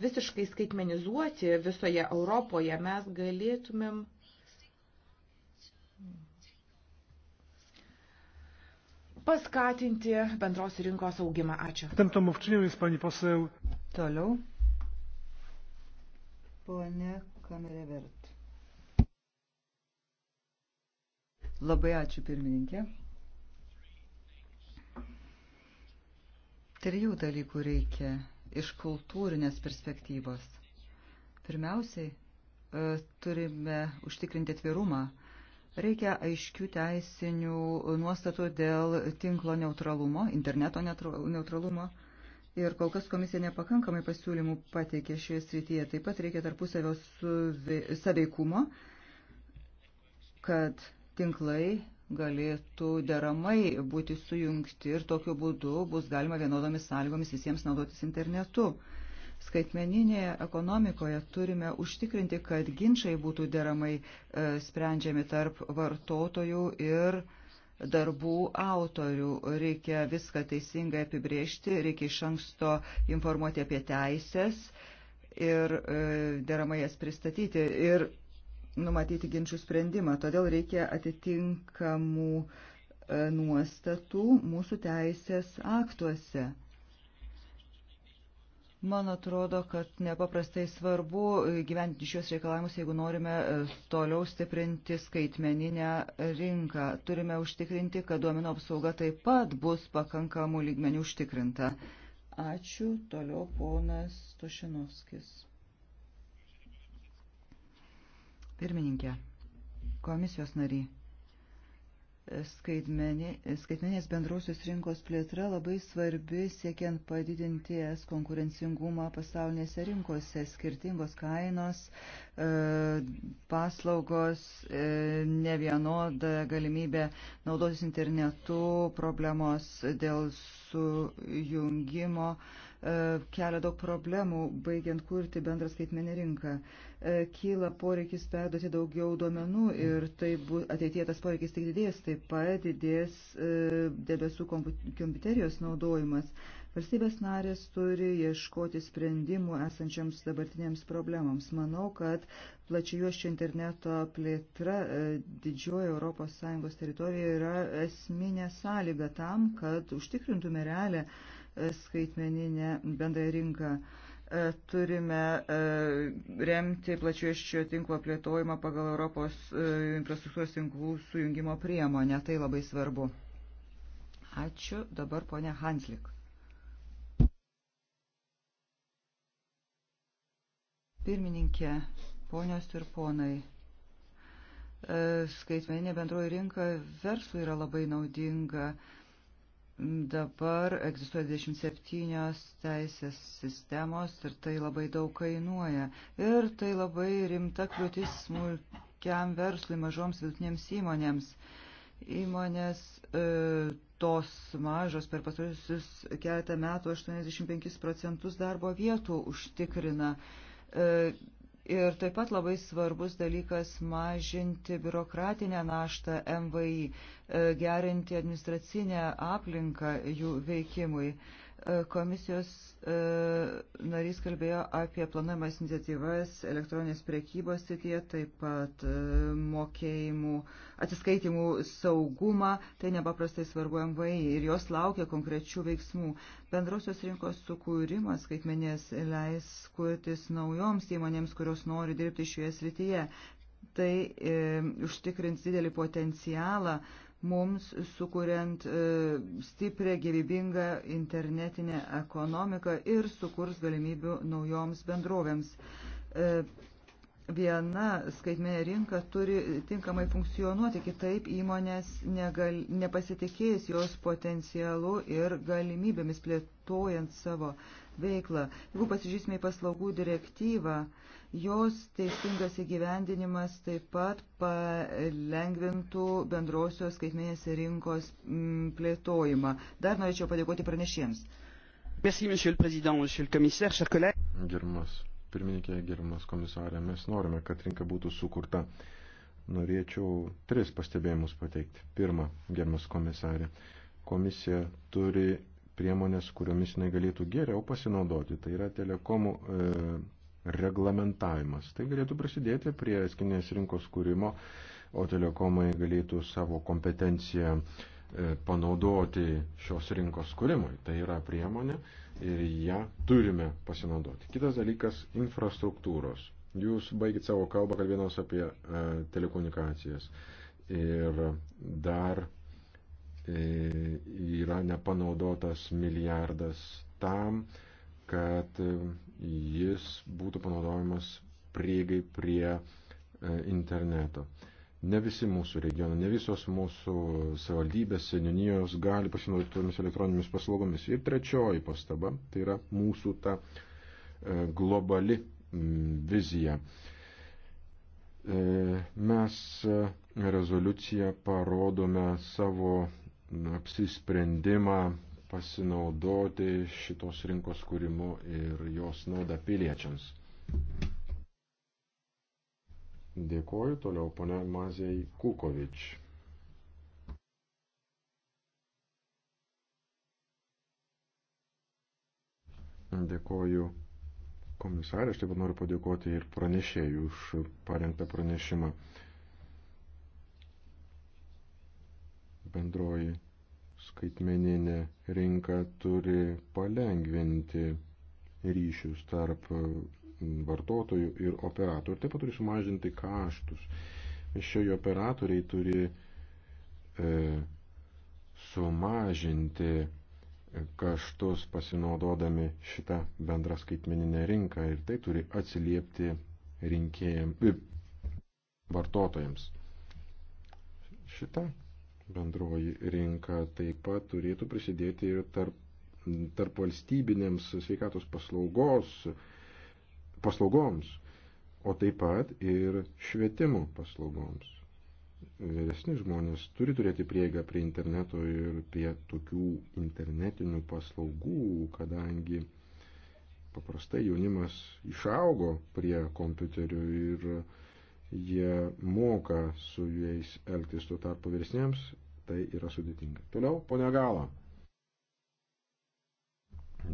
visiškai skaitmenizuoti visoje Europoje, mes galėtumėm paskatinti bendros rinkos augimą. Ačiū. Toliau. Pone Kamerevert. Labai ačiū pirmininkė. Trijų dalykų reikia iš kultūrinės perspektyvos. Pirmiausiai, e, turime užtikrinti atvirumą. Reikia aiškių teisinių nuostatų dėl tinklo neutralumo, interneto neutralumo. Ir kol kas komisija nepakankamai pasiūlymų pateikė šioje srityje. Taip pat reikia tarpusavio saveikumo, kad tinklai galėtų deramai būti sujungti ir tokiu būdu bus galima vienodomis sąlygomis visiems naudotis internetu. Skaitmeninėje ekonomikoje turime užtikrinti, kad ginčiai būtų deramai e, sprendžiami tarp vartotojų ir darbų autorių. Reikia viską teisingai apibriežti, reikia iš anksto informuoti apie teisės ir e, deramai jas pristatyti. Ir numatyti ginčių sprendimą. Todėl reikia atitinkamų e, nuostatų mūsų teisės aktuose. Man atrodo, kad nepaprastai svarbu gyventi šios reikalavimus, jeigu norime e, toliau stiprinti skaitmeninę rinką. Turime užtikrinti, kad duomenų apsauga taip pat bus pakankamų lygmenių užtikrinta. Ačiū. Toliau ponas Tošinovskis. Pirmininkė, komisijos nariai, skaitmenės bendrausios rinkos plėtra labai svarbi siekiant padidinti es konkurencingumą pasaulinėse rinkose. Skirtingos kainos, e, paslaugos, e, nevienoda galimybė naudotis internetu, problemos dėl sujungimo. E, kelia daug problemų, baigiant kurti bendrą skaitmenę rinką. E, kyla poreikis perduoti daugiau duomenų ir tai bu, ateitie tas poreikis tik didės, taip pat didės e, debesų kompiuterijos naudojimas. Valstybės narės turi ieškoti sprendimų esančiams dabartinėms problemams. Manau, kad plačiuoščio interneto plėtra didžiojo ES teritorijoje yra esminė sąlyga tam, kad užtikrintume realią skaitmeninę bendrąją rinką. E, turime e, remti plačiuoščio tinklo plėtojimą pagal Europos e, infrastruktūros tinklų sujungimo priemonę. Tai labai svarbu. Ačiū. Dabar ponia Hanslik. Pirmininkė, ponios ir ponai skaitmeninė bendroji rinka verslui yra labai naudinga, Dabar egzistuoja 27 teisės sistemos ir tai labai daug kainuoja. Ir tai labai rimta kliūtis smulkiam verslui, mažoms vidutinėms įmonėms. Įmonės e, tos mažos per pastarusius keletą metų 85 procentus darbo vietų užtikrina. E, Ir taip pat labai svarbus dalykas mažinti biurokratinę naštą MVI. E, gerinti administracinę aplinką jų veikimui. E, komisijos e, narys kalbėjo apie planuojamas iniciatyvas elektroninės priekybos srityje, taip pat mokėjimų, atsiskaitimų saugumą. Tai nepaprastai svarbu MVI ir jos laukia konkrečių veiksmų. Bendrosios rinkos sukūrimas skaitmenės leis kurtis naujoms įmonėms, kurios nori dirbti šioje srityje. Tai e, užtikrins didelį potencialą e, mums sukuriant e, stiprią gyvybingą internetinę ekonomiką ir sukurs galimybių naujoms bendrovėms. E, viena skaitmenė rinka turi tinkamai funkcionuoti, kitaip įmonės negal, nepasitikės jos potencialu ir galimybėmis plėtojant savo veiklą. Jeigu pasižiūrėsime į paslaugų direktyvą, jos teisingas įgyvendinimas taip pat palengvintų bendrosios skaitmenės rinkos mm, plėtojimą. Dar norėčiau padėkoti pranešėjams. Merci, monsieur le président, monsieur le commissaire, chers collègues. Gerbiamas pirmininkė, gerbiamas komisarė, mes norime, kad rinka būtų sukurta norėčiau tris pastebėjimus pateikti. Pirma, gerbiamas komisarė, komisija turi priemonės, kuriomis jinai galėtų geriau pasinaudoti. Tai yra telekomų e, reglamentavimas. Tai galėtų prasidėti prie eskinės rinkos kūrimo, o telekomai galėtų savo kompetenciją e, panaudoti šios rinkos kūrimui. Tai yra priemonė ir ją turime pasinaudoti. Kitas dalykas - infrastruktūros. Jūs baigit savo kalbą kalbėdamas apie e, telekomunikacijas. Ir dar E, yra nepanaudotas milijardas tam, kad e, jis būtų panaudojamas prieigai prie e, interneto. Ne visi mūsų regionai, ne visos mūsų savaldybės, seninijos gali pasinaudoti tomis elektroninėmis paslaugomis. Ir trečioji pastaba, tai yra mūsų ta globali vizija. Mes rezoliuciją parodome savo apsisprendimą pasinaudoti šitos rinkos kūrimu ir jos naudą piliečiams. Dėkoju toliau ponia Mazijai Kukovič. Dėkoju komisarė, aš taip pat noriu padėkoti ir pranešėjų už parengtą pranešimą. bendroji skaitmeninė rinka turi palengvinti ryšius tarp mm, vartotojų ir operatorių. Taip pat turi sumažinti kaštus. Šioji operatoriai turi e, sumažinti kaštus pasinaudodami šitą bendrą skaitmeninę rinką ir tai turi atsiliepti rinkėjams, vartotojams. Šitą bendroji rinka taip pat turėtų prisidėti ir tarp, tarp valstybinėms sveikatos paslaugos, paslaugoms, o taip pat ir švietimo paslaugoms. Vyresni žmonės turi turėti prieigą prie interneto ir prie tokių internetinių paslaugų, kadangi paprastai jaunimas išaugo prie kompiuterių ir jie moka su jais elgtis tuo tarpu vyresniems, tai yra sudėtinga. Toliau, ponia Gala.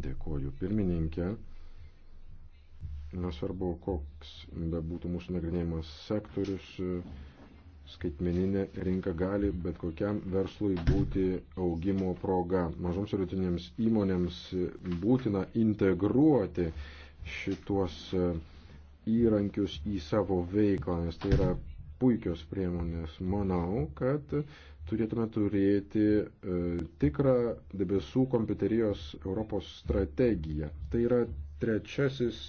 Dėkuoju pirmininkė. Nesvarbu, koks bebūtų mūsų nagrinėjimas sektorius, skaitmeninė rinka gali bet kokiam verslui būti augimo proga. Mažoms ir rutinėms įmonėms būtina integruoti šituos įrankius į savo veiklą, nes tai yra puikios priemonės. Manau, kad turėtume turėti e, tikrą debesų kompiuterijos Europos strategiją. Tai yra trečiasis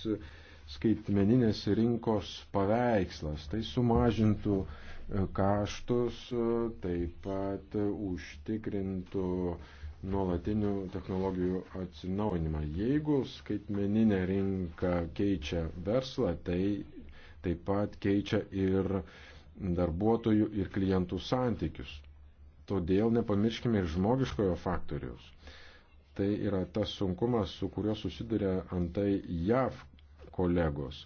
skaitmeninės rinkos paveikslas. Tai sumažintų e, kaštus, e, taip pat užtikrintų e, nuolatinių technologijų atsinaujinimą. Jeigu skaitmeninė rinka keičia verslą, tai taip pat keičia ir darbuotojų ir klientų santykius. Todėl nepamirškime ir žmogiškojo faktoriaus. Tai yra tas sunkumas, su kuriuo susiduria antai JAV kolegos.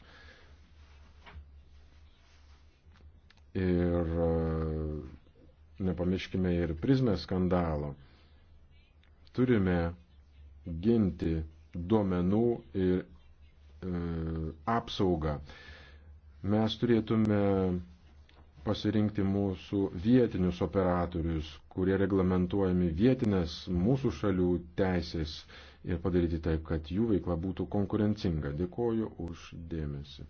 Ir e, nepamirškime ir prizmės skandalo. Turime ginti duomenų ir e, apsaugą. Mes turėtume pasirinkti mūsų vietinius operatorius, kurie reglamentuojami vietinės mūsų šalių teisės ir padaryti taip, kad jų veikla būtų konkurencinga. Dėkoju už dėmesį.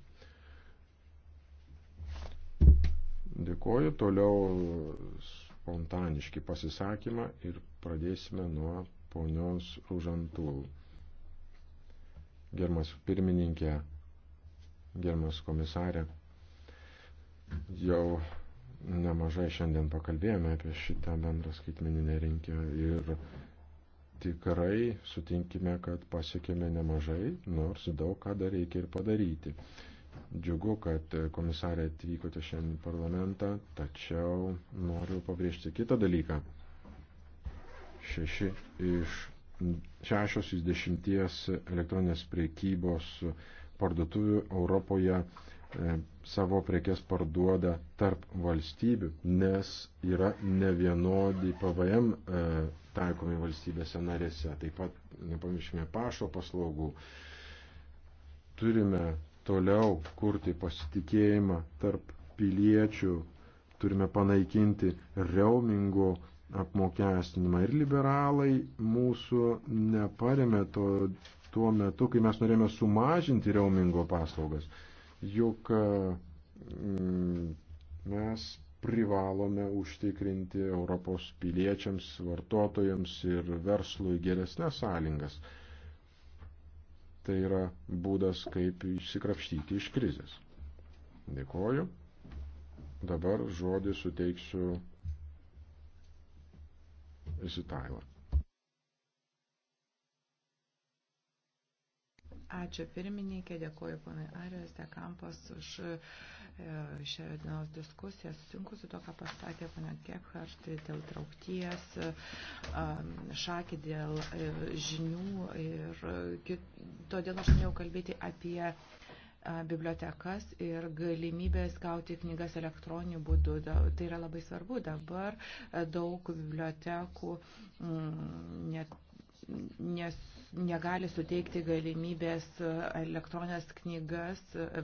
Dėkoju, toliau spontaniški pasisakymą ir pradėsime nuo ponios Užantulų. Germas pirmininkė, germas komisarė, jau nemažai šiandien pakalbėjome apie šitą bendrą skaitmeninę rinkę ir tikrai sutinkime, kad pasiekėme nemažai, nors daug ką dar reikia ir padaryti. Džiugu, kad komisarė atvykote šiandien į parlamentą, tačiau noriu pabrėžti kitą dalyką šeši iš šešios iš dešimties elektroninės priekybos parduotuvių Europoje e, savo prekes parduoda tarp valstybių, nes yra ne vienodi PVM e, taikomi valstybėse narėse. Taip pat nepamirškime pašo paslaugų. Turime toliau kurti pasitikėjimą tarp piliečių, turime panaikinti reumingo apmokestinimą. Ir liberalai mūsų neparėmė to, tuo metu, kai mes norėjome sumažinti reumingo paslaugas. Juk mm, mes privalome užtikrinti Europos piliečiams, vartotojams ir verslui geresnės sąlygas. Tai yra būdas, kaip išsikrapštyti iš krizės. Dėkoju. Dabar žodį suteiksiu Žitailą. Ačiū pirmininkė, dėkoju ponai Arijos Dekampas už e, šią dienos diskusiją. Susinku su to, ką pasakė pana Kephart dėl traukties, e, šakį dėl e, žinių ir todėl aš norėjau kalbėti apie bibliotekas ir galimybės gauti knygas elektroniniu būdu. Tai yra labai svarbu. Dabar daug bibliotekų mm, net nes negali suteikti galimybės elektroninės knygas,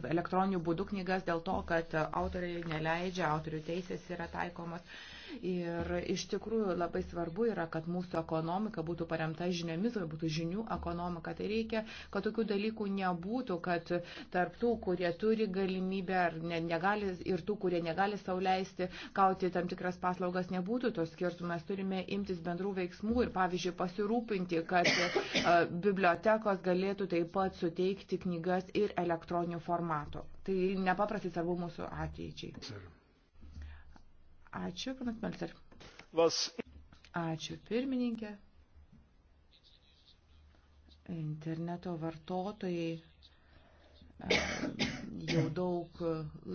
elektroninių būdų knygas dėl to, kad autoriai neleidžia, autorių teisės yra taikomos. Ir iš tikrųjų labai svarbu yra, kad mūsų ekonomika būtų paremta žiniomis, kad būtų žinių ekonomika. Tai reikia, kad tokių dalykų nebūtų, kad tarptų, kurie turi galimybę ar ne, negali, ir tų, kurie negali sauliaisti gauti tam tikras paslaugas, nebūtų tos skirtumų. Mes turime imtis bendrų veiksmų ir, pavyzdžiui, pasirūpinti, kad a, bibliotekos galėtų taip pat suteikti knygas ir elektroninių formatų. Tai nepaprastai svarbu mūsų ateičiai. Sir. Ačiū, panas Melter. Vas. Ačiū, pirmininkė. Interneto vartotojai e, jau daug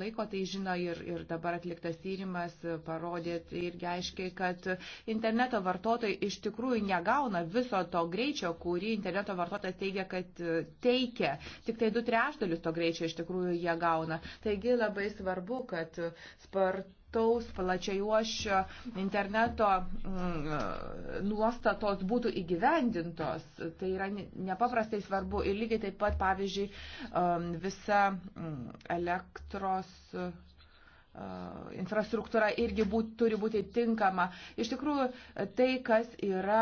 laiko tai žino ir, ir dabar atliktas tyrimas parodė irgi aiškiai, kad interneto vartotojai iš tikrųjų negauna viso to greičio, kurį interneto vartotojas teigia, kad e, teikia. Tik tai du trešdalius to greičio iš tikrųjų jie gauna. Taigi labai svarbu, kad spart plataus, plačiajuošio interneto mm, nuostatos būtų įgyvendintos. Tai yra nepaprastai svarbu ir lygiai taip pat, pavyzdžiui, um, visa mm, elektros infrastruktūra irgi būt, turi būti tinkama. Iš tikrųjų, tai, kas yra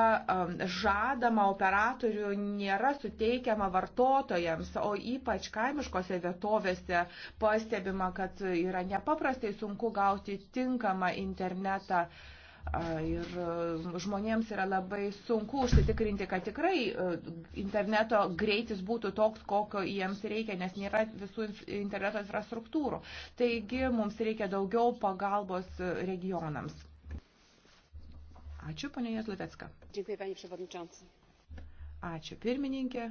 žadama operatorių, nėra suteikiama vartotojams, o ypač kaimiškose vietovėse pastebima, kad yra nepaprastai sunku gauti tinkamą internetą. Uh, Ir e, žmonėms yra labai sunku užsitikrinti, kad tikrai e, interneto greitis būtų toks, kokio jiems reikia, nes nėra visų interneto infrastruktūrų. Taigi mums reikia daugiau pagalbos e, regionams. Ačiū, ponė Jazlovecka. Dziękuję, panie przewodniczący. Ačiū, pirmininkė.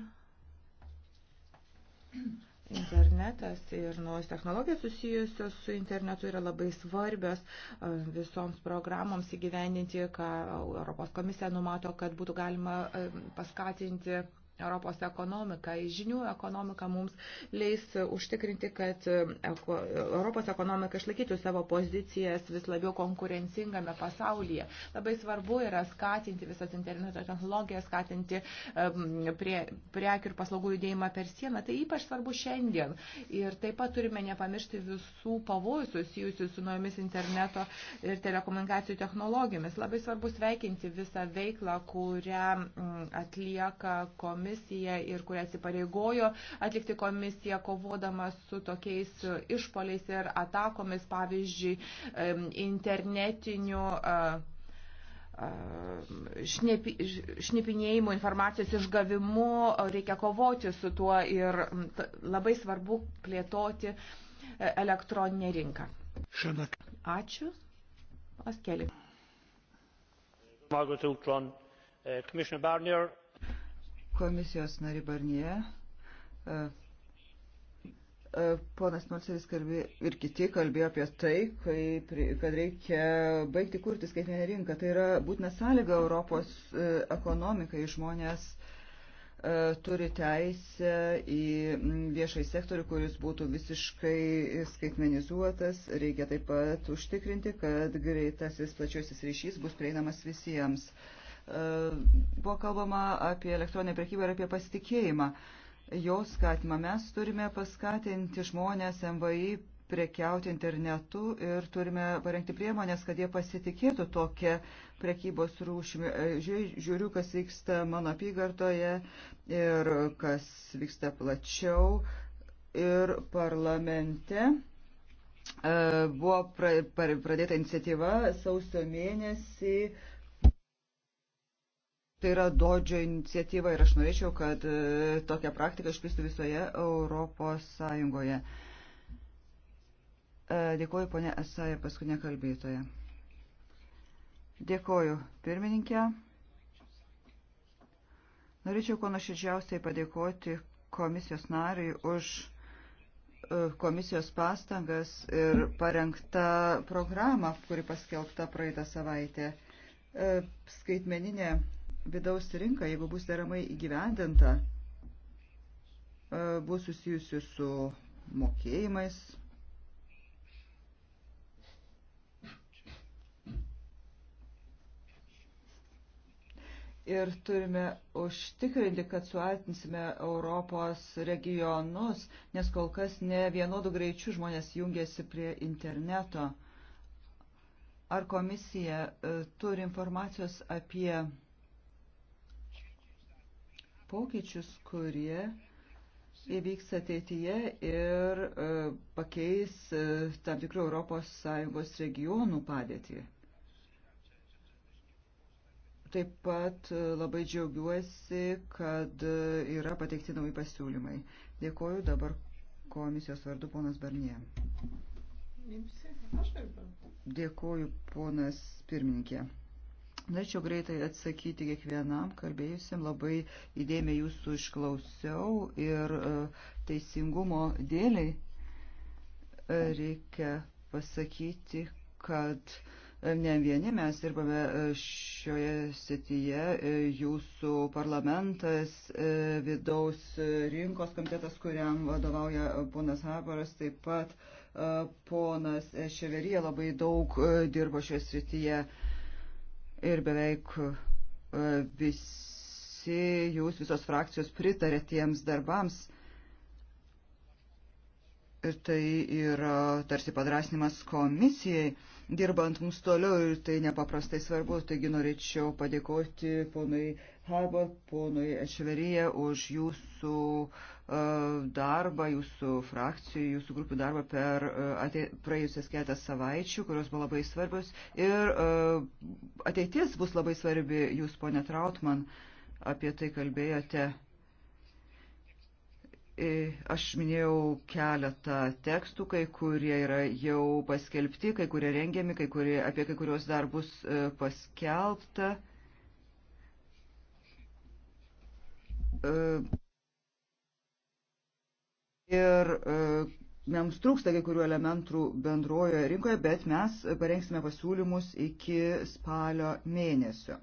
Internetas ir naujos technologijos susijusios su internetu yra labai svarbios visoms programoms įgyvendinti, ką Europos komisija numato, kad būtų galima paskatinti Europos ekonomika, žinių ekonomika mums leis užtikrinti, kad e, Europos ekonomika išlaikytų savo pozicijas vis labiau konkurencingame pasaulyje. Labai svarbu yra skatinti visas interneto technologijas, skatinti prie, prekių ir paslaugų judėjimą per sieną. Tai ypač svarbu šiandien. Ir taip pat turime nepamiršti visų pavojų susijusių su naujomis interneto ir telekomunikacijų technologijomis. Labai svarbu sveikinti visą veiklą, kurią atlieka komisija komisija ir kurią atsipareigojo atlikti komisija kovodama su tokiais išpoliais ir atakomis, pavyzdžiui, internetiniu šnepi, šnipinėjimu, informacijos išgavimu, reikia kovoti su tuo ir labai svarbu plėtoti e, elektroninę rinką. Šiandien. Ačiū. Paskeli. Margaret Utron, e, Commissioner Barnier, Komisijos nari Barnie, e, e, ponas Marcelis ir kiti kalbėjo apie tai, kaip, kad reikia baigti kurti skaitmenę rinką. Tai yra būtina sąlyga Europos e, ekonomikai. Žmonės turi teisę į viešai sektorių, kuris būtų visiškai skaitmenizuotas. Reikia taip pat užtikrinti, kad greitasis plačiosis ryšys bus prieinamas visiems. Uh, E, buvo kalbama apie elektroninę prekybą ir apie pasitikėjimą. Jos skatimą mes turime paskatinti žmonės MVI prekiauti internetu ir turime parengti priemonės, kad jie pasitikėtų tokią prekybos rūšimį. E, žiūriu, kas vyksta mano apygardoje ir kas vyksta plačiau ir parlamente. E, buvo pradėta iniciatyva sausio mėnesį Tai yra Dodžio iniciatyva ir aš norėčiau, kad e, tokia praktika išplistų visoje Europos Sąjungoje. E, Dėkuoju, ponė Esaja, paskutinė kalbėtoja. Dėkuoju, pirmininkė. Norėčiau kuo nuoširdžiausiai padėkoti komisijos nariui už e, komisijos pastangas ir parengtą programą, kuri paskelbta praeitą savaitę. Skaitmeninė vidaus rinka, jeigu bus deramai įgyvendinta, e, bus susijusi su mokėjimais. Ir turime užtikrinti, kad suartinsime Europos regionus, nes kol kas ne vienodų greičių žmonės jungiasi prie interneto. Ar komisija e, turi informacijos apie pokyčius, kurie įvyks ateityje ir e, pakeis e, tam tikrų ES regionų padėtį. Taip pat e, labai džiaugiuosi, kad yra pateikti nauji pasiūlymai. Dėkoju dabar komisijos vardu ponas Barnie. Dėkoju ponas pirmininkė. Norėčiau greitai atsakyti kiekvienam kalbėjusim, labai įdėmiai jūsų išklausiau ir e, teisingumo dėliai e, reikia pasakyti, kad e, ne vieni mes dirbame šioje sityje, jūsų parlamentas, vidaus rinkos komitetas, kuriam vadovauja ponas Habaras, taip pat ponas Ševerija labai daug dirbo šioje srityje ir beveik e, visi jūs, visos frakcijos pritarė tiems darbams. Ir tai yra tarsi padrasnimas komisijai, dirbant mums toliau ir tai nepaprastai svarbu. Taigi norėčiau padėkoti ponui Harbor, ponui Ešveryje už jūsų uh, E, darbą, jūsų frakcijų, jūsų grupių darbą per e, atė, praėjusias keletą savaičių, kurios buvo labai svarbios. Ir e, ateitis bus labai svarbi, jūs, ponė Trautman, apie tai kalbėjote. Aš minėjau keletą tekstų, kai kurie yra jau paskelbti, kai kurie rengiami, kai kurie, apie kai kuriuos dar bus paskelbta. Uh ir e, mums trūksta kai kurių elementų bendrojoje rinkoje, bet mes parengsime pasiūlymus iki spalio mėnesio.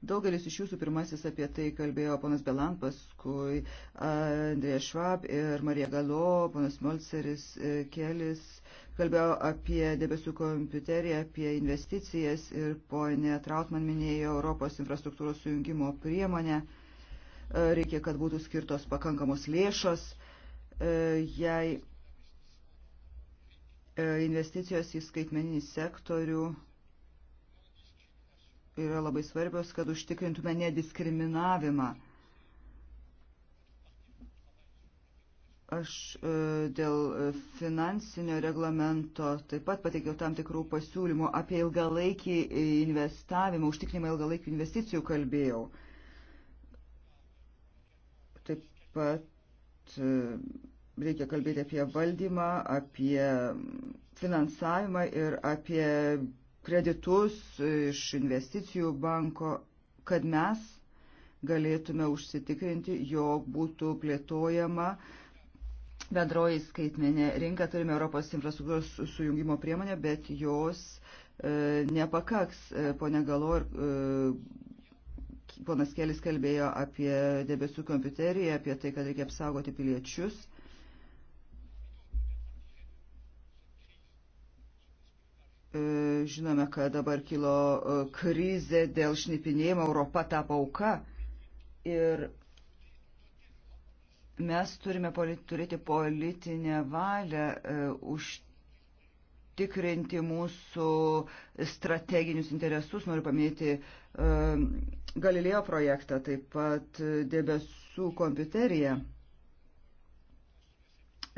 Daugelis iš jūsų pirmasis apie tai kalbėjo ponas Belan, paskui e, Andrėja Švab ir Marija Galo, ponas Molceris e, Kelis, kalbėjo apie debesų kompiuterį, apie investicijas ir ponė Trautman minėjo Europos infrastruktūros sujungimo priemonę. E, reikia, kad būtų skirtos pakankamos lėšos, e, jei e, investicijos į skaitmeninį sektorių yra labai svarbios, kad užtikrintume nediskriminavimą. Aš dėl finansinio reglamento taip pat pateikiau tam tikrų pasiūlymų apie ilgalaikį investavimą, užtikrinimą ilgalaikių investicijų kalbėjau. Taip pat e, reikia kalbėti apie valdymą, apie finansavimą ir apie kreditus iš investicijų banko, kad mes galėtume užsitikrinti, jog būtų plėtojama bendroji skaitmenė rinka. Turime Europos infrastruktūros sujungimo priemonę, bet jos e, nepakaks. E, pone Galo ir e, ponas Kelis kalbėjo apie debesų kompiuterį, apie tai, kad reikia apsaugoti piliečius. E, žinome, kad dabar kilo e, krizė dėl šnipinėjimo, Europa tapo auka ir mes turime politi turėti politinę valią e, už užtikrinti mūsų strateginius interesus. Noriu paminėti e, Galilėjo projektą, taip pat debesų kompiuteriją.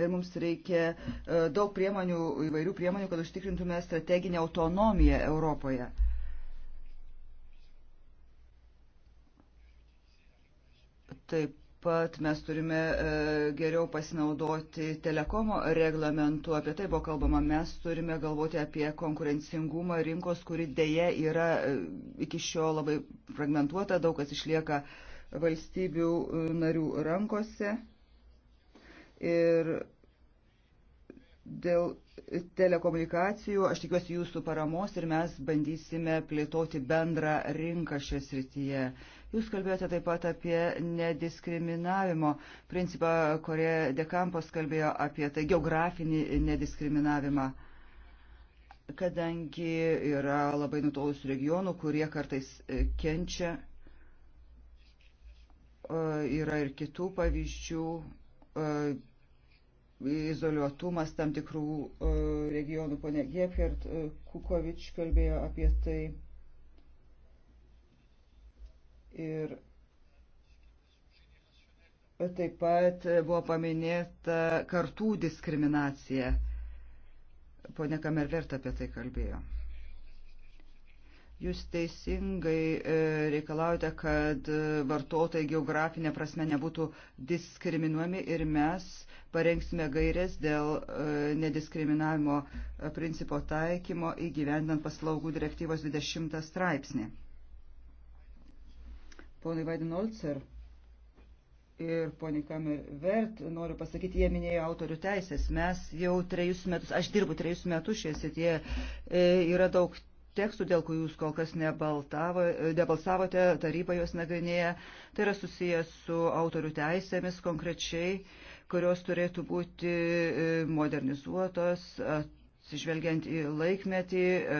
Ir mums reikia e, daug priemonių, įvairių priemonių, kad užtikrintume strateginę autonomiją Europoje. Taip pat mes turime e, geriau pasinaudoti telekomo reglamentu, apie tai buvo kalbama, mes turime galvoti apie konkurencingumą rinkos, kuri dėje yra e, iki šiol labai fragmentuota, daug kas išlieka valstybių e, narių rankose. Ir dėl telekomunikacijų, aš tikiuosi jūsų paramos ir mes bandysime plėtoti bendrą rinką šioje srityje. Jūs kalbėjote taip pat apie nediskriminavimo principą, kurie Dekampos kalbėjo apie tai geografinį nediskriminavimą kadangi yra labai nutolusių regionų, kurie kartais e, kenčia. E, yra ir kitų pavyzdžių. E, izoliuotumas tam tikrų regionų. Pone Gefert Kukovič kalbėjo apie tai. Ir taip pat buvo paminėta kartų diskriminacija. Pone Kamervert apie tai kalbėjo. Jūs teisingai e, reikalaujate, kad vartotojai geografinė prasme nebūtų diskriminuojami ir mes parengsime gairės dėl e, nediskriminavimo principo taikymo įgyvendant paslaugų direktyvos 20 straipsnį ponai Vaidinolcer ir poniai Kamervert, noriu pasakyti, jie minėjo autorių teisės. Mes jau trejus metus, aš dirbu trejus metus šie sitie, e, yra daug tekstų, dėl kurių jūs kol kas nebalsavote, taryba juos nagrinėja. Tai yra susijęs su autorių teisėmis konkrečiai, kurios turėtų būti e, modernizuotos, atsižvelgiant į laikmetį, e,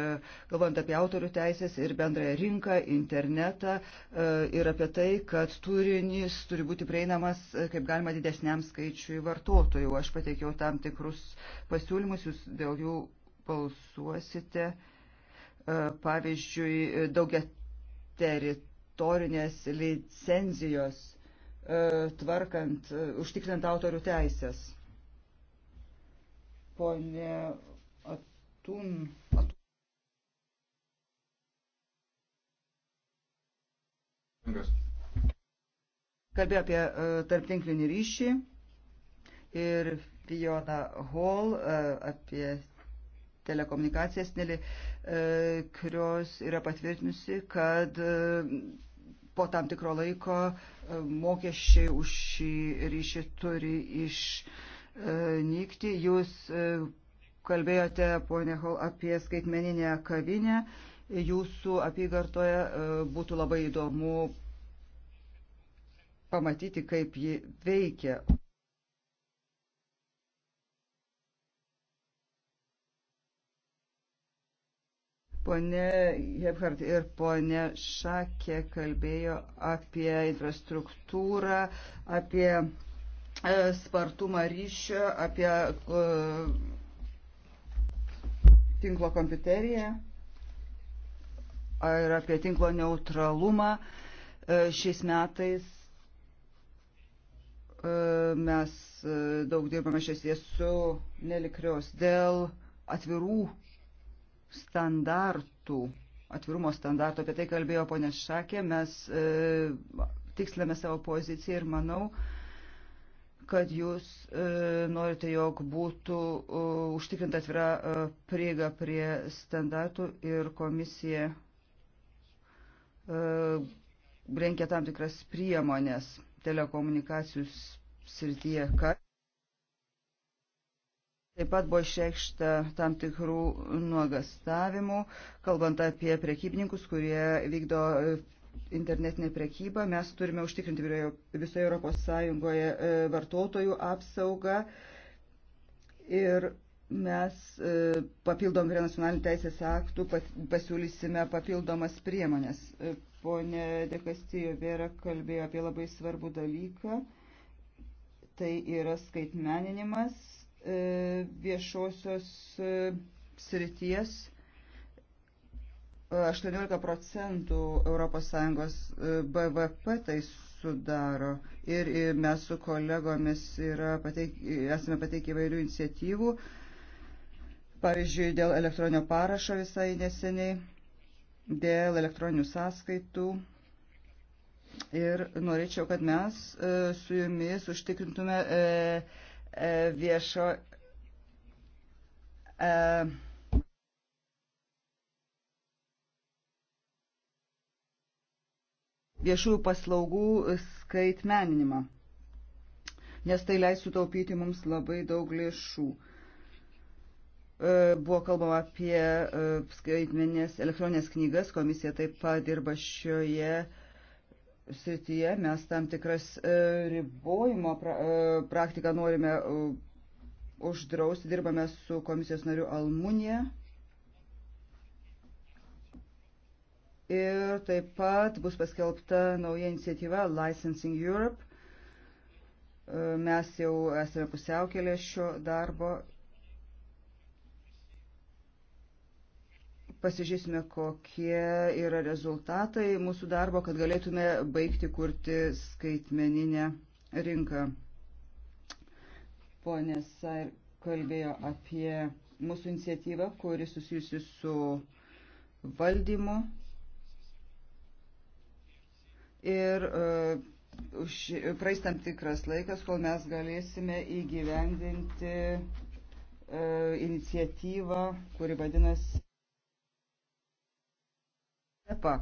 galvojant apie autorių teisės ir bendrąją rinką, internetą e, ir apie tai, kad turinys turi būti prieinamas e, kaip galima didesniam skaičiui vartotojų. Aš pateikiau tam tikrus pasiūlymus, jūs dėl jų balsuosite. Pavyzdžiui, daugia teritorinės licenzijos tvarkant, užtikrint autorių teisės. Pone Tun. Kalbėjo apie uh, tarptinklinį ryšį ir Fiona Hall uh, apie telekomunikacijas, Nelly, uh, e, kurios yra patvirtinusi, kad uh, po tam tikro laiko uh, mokesčiai už šį ryšį turi išnykti. Jūs uh, kalbėjote, ponė Hol, apie skaitmeninę kavinę. Jūsų apygartoje e, būtų labai įdomu pamatyti, kaip ji veikia. Pone Gebhardt ir pone Šakė kalbėjo apie infrastruktūrą, apie e, spartumą ryšio, apie e, tinklo kompiuteriją ir apie tinklo neutralumą. E, šiais metais e, mes e, daug dirbame šiais su nelikrios dėl atvirų standartų, atvirumo standartų, apie tai kalbėjo ponė Šakė, mes tiksliname savo poziciją ir manau, kad jūs e, norite, jog būtų e, užtikrinta atvira e, prieiga prie standartų ir komisija e, renkia tam tikras priemonės telekomunikacijų srityje. Kad... Taip pat buvo išreikšta tam tikrų nuogastavimų, kalbant apie prekybininkus, kurie vykdo internetinė prekyba. Mes turime užtikrinti visoje Europos Sąjungoje e, vartotojų apsaugą ir mes e, papildom prie nacionalinių teisės aktų, pasiūlysime papildomas priemonės. E, Pone Dekastijo Vera kalbėjo apie labai svarbų dalyką. Tai yra skaitmeninimas viešosios srities 18 procentų ES e, BVP tai sudaro ir mes su kolegomis pateik, esame pateikę įvairių iniciatyvų, pavyzdžiui, dėl elektroninio parašo visai neseniai, dėl elektroninių sąskaitų. Ir norėčiau, kad mes e, su jumis užtikrintume e, viešo. E, viešųjų paslaugų skaitmeninimą, nes tai leis sutaupyti mums labai daug lėšų. E, buvo kalbama apie e, skaitmenės elektroninės knygas, komisija taip pat dirba šioje srityje, mes tam tikras e, ribojimo praktiką norime uždrausti, dirbame su komisijos nariu Almunija ir taip pat bus paskelbta nauja iniciatyva Licensing Europe. E, mes jau esame pusiaukelė šio darbo. Pasižiūrėsime, kokie yra rezultatai mūsų darbo, kad galėtume baigti kurti skaitmeninę rinką. Pone Sair kalbėjo apie mūsų iniciatyvą, kuri susijusi su valdymu ir e, praeis tam tikras laikas, kol mes galėsime įgyvendinti e, iniciatyvą, kuri vadinasi EPA.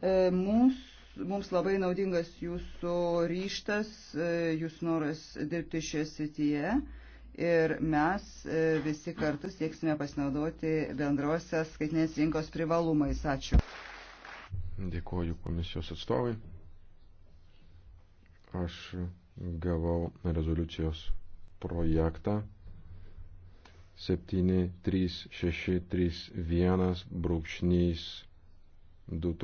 E, mums, mums labai naudingas jūsų ryštas, jūsų noras dirbti šioje srityje ir mes e, visi kartu sieksime pasinaudoti bendrosios skaitinės rinkos privalumais. Ačiū. Dėkuoju komisijos atstovai. Aš gavau rezoliucijos projektą 73631 brūkšnys 2000.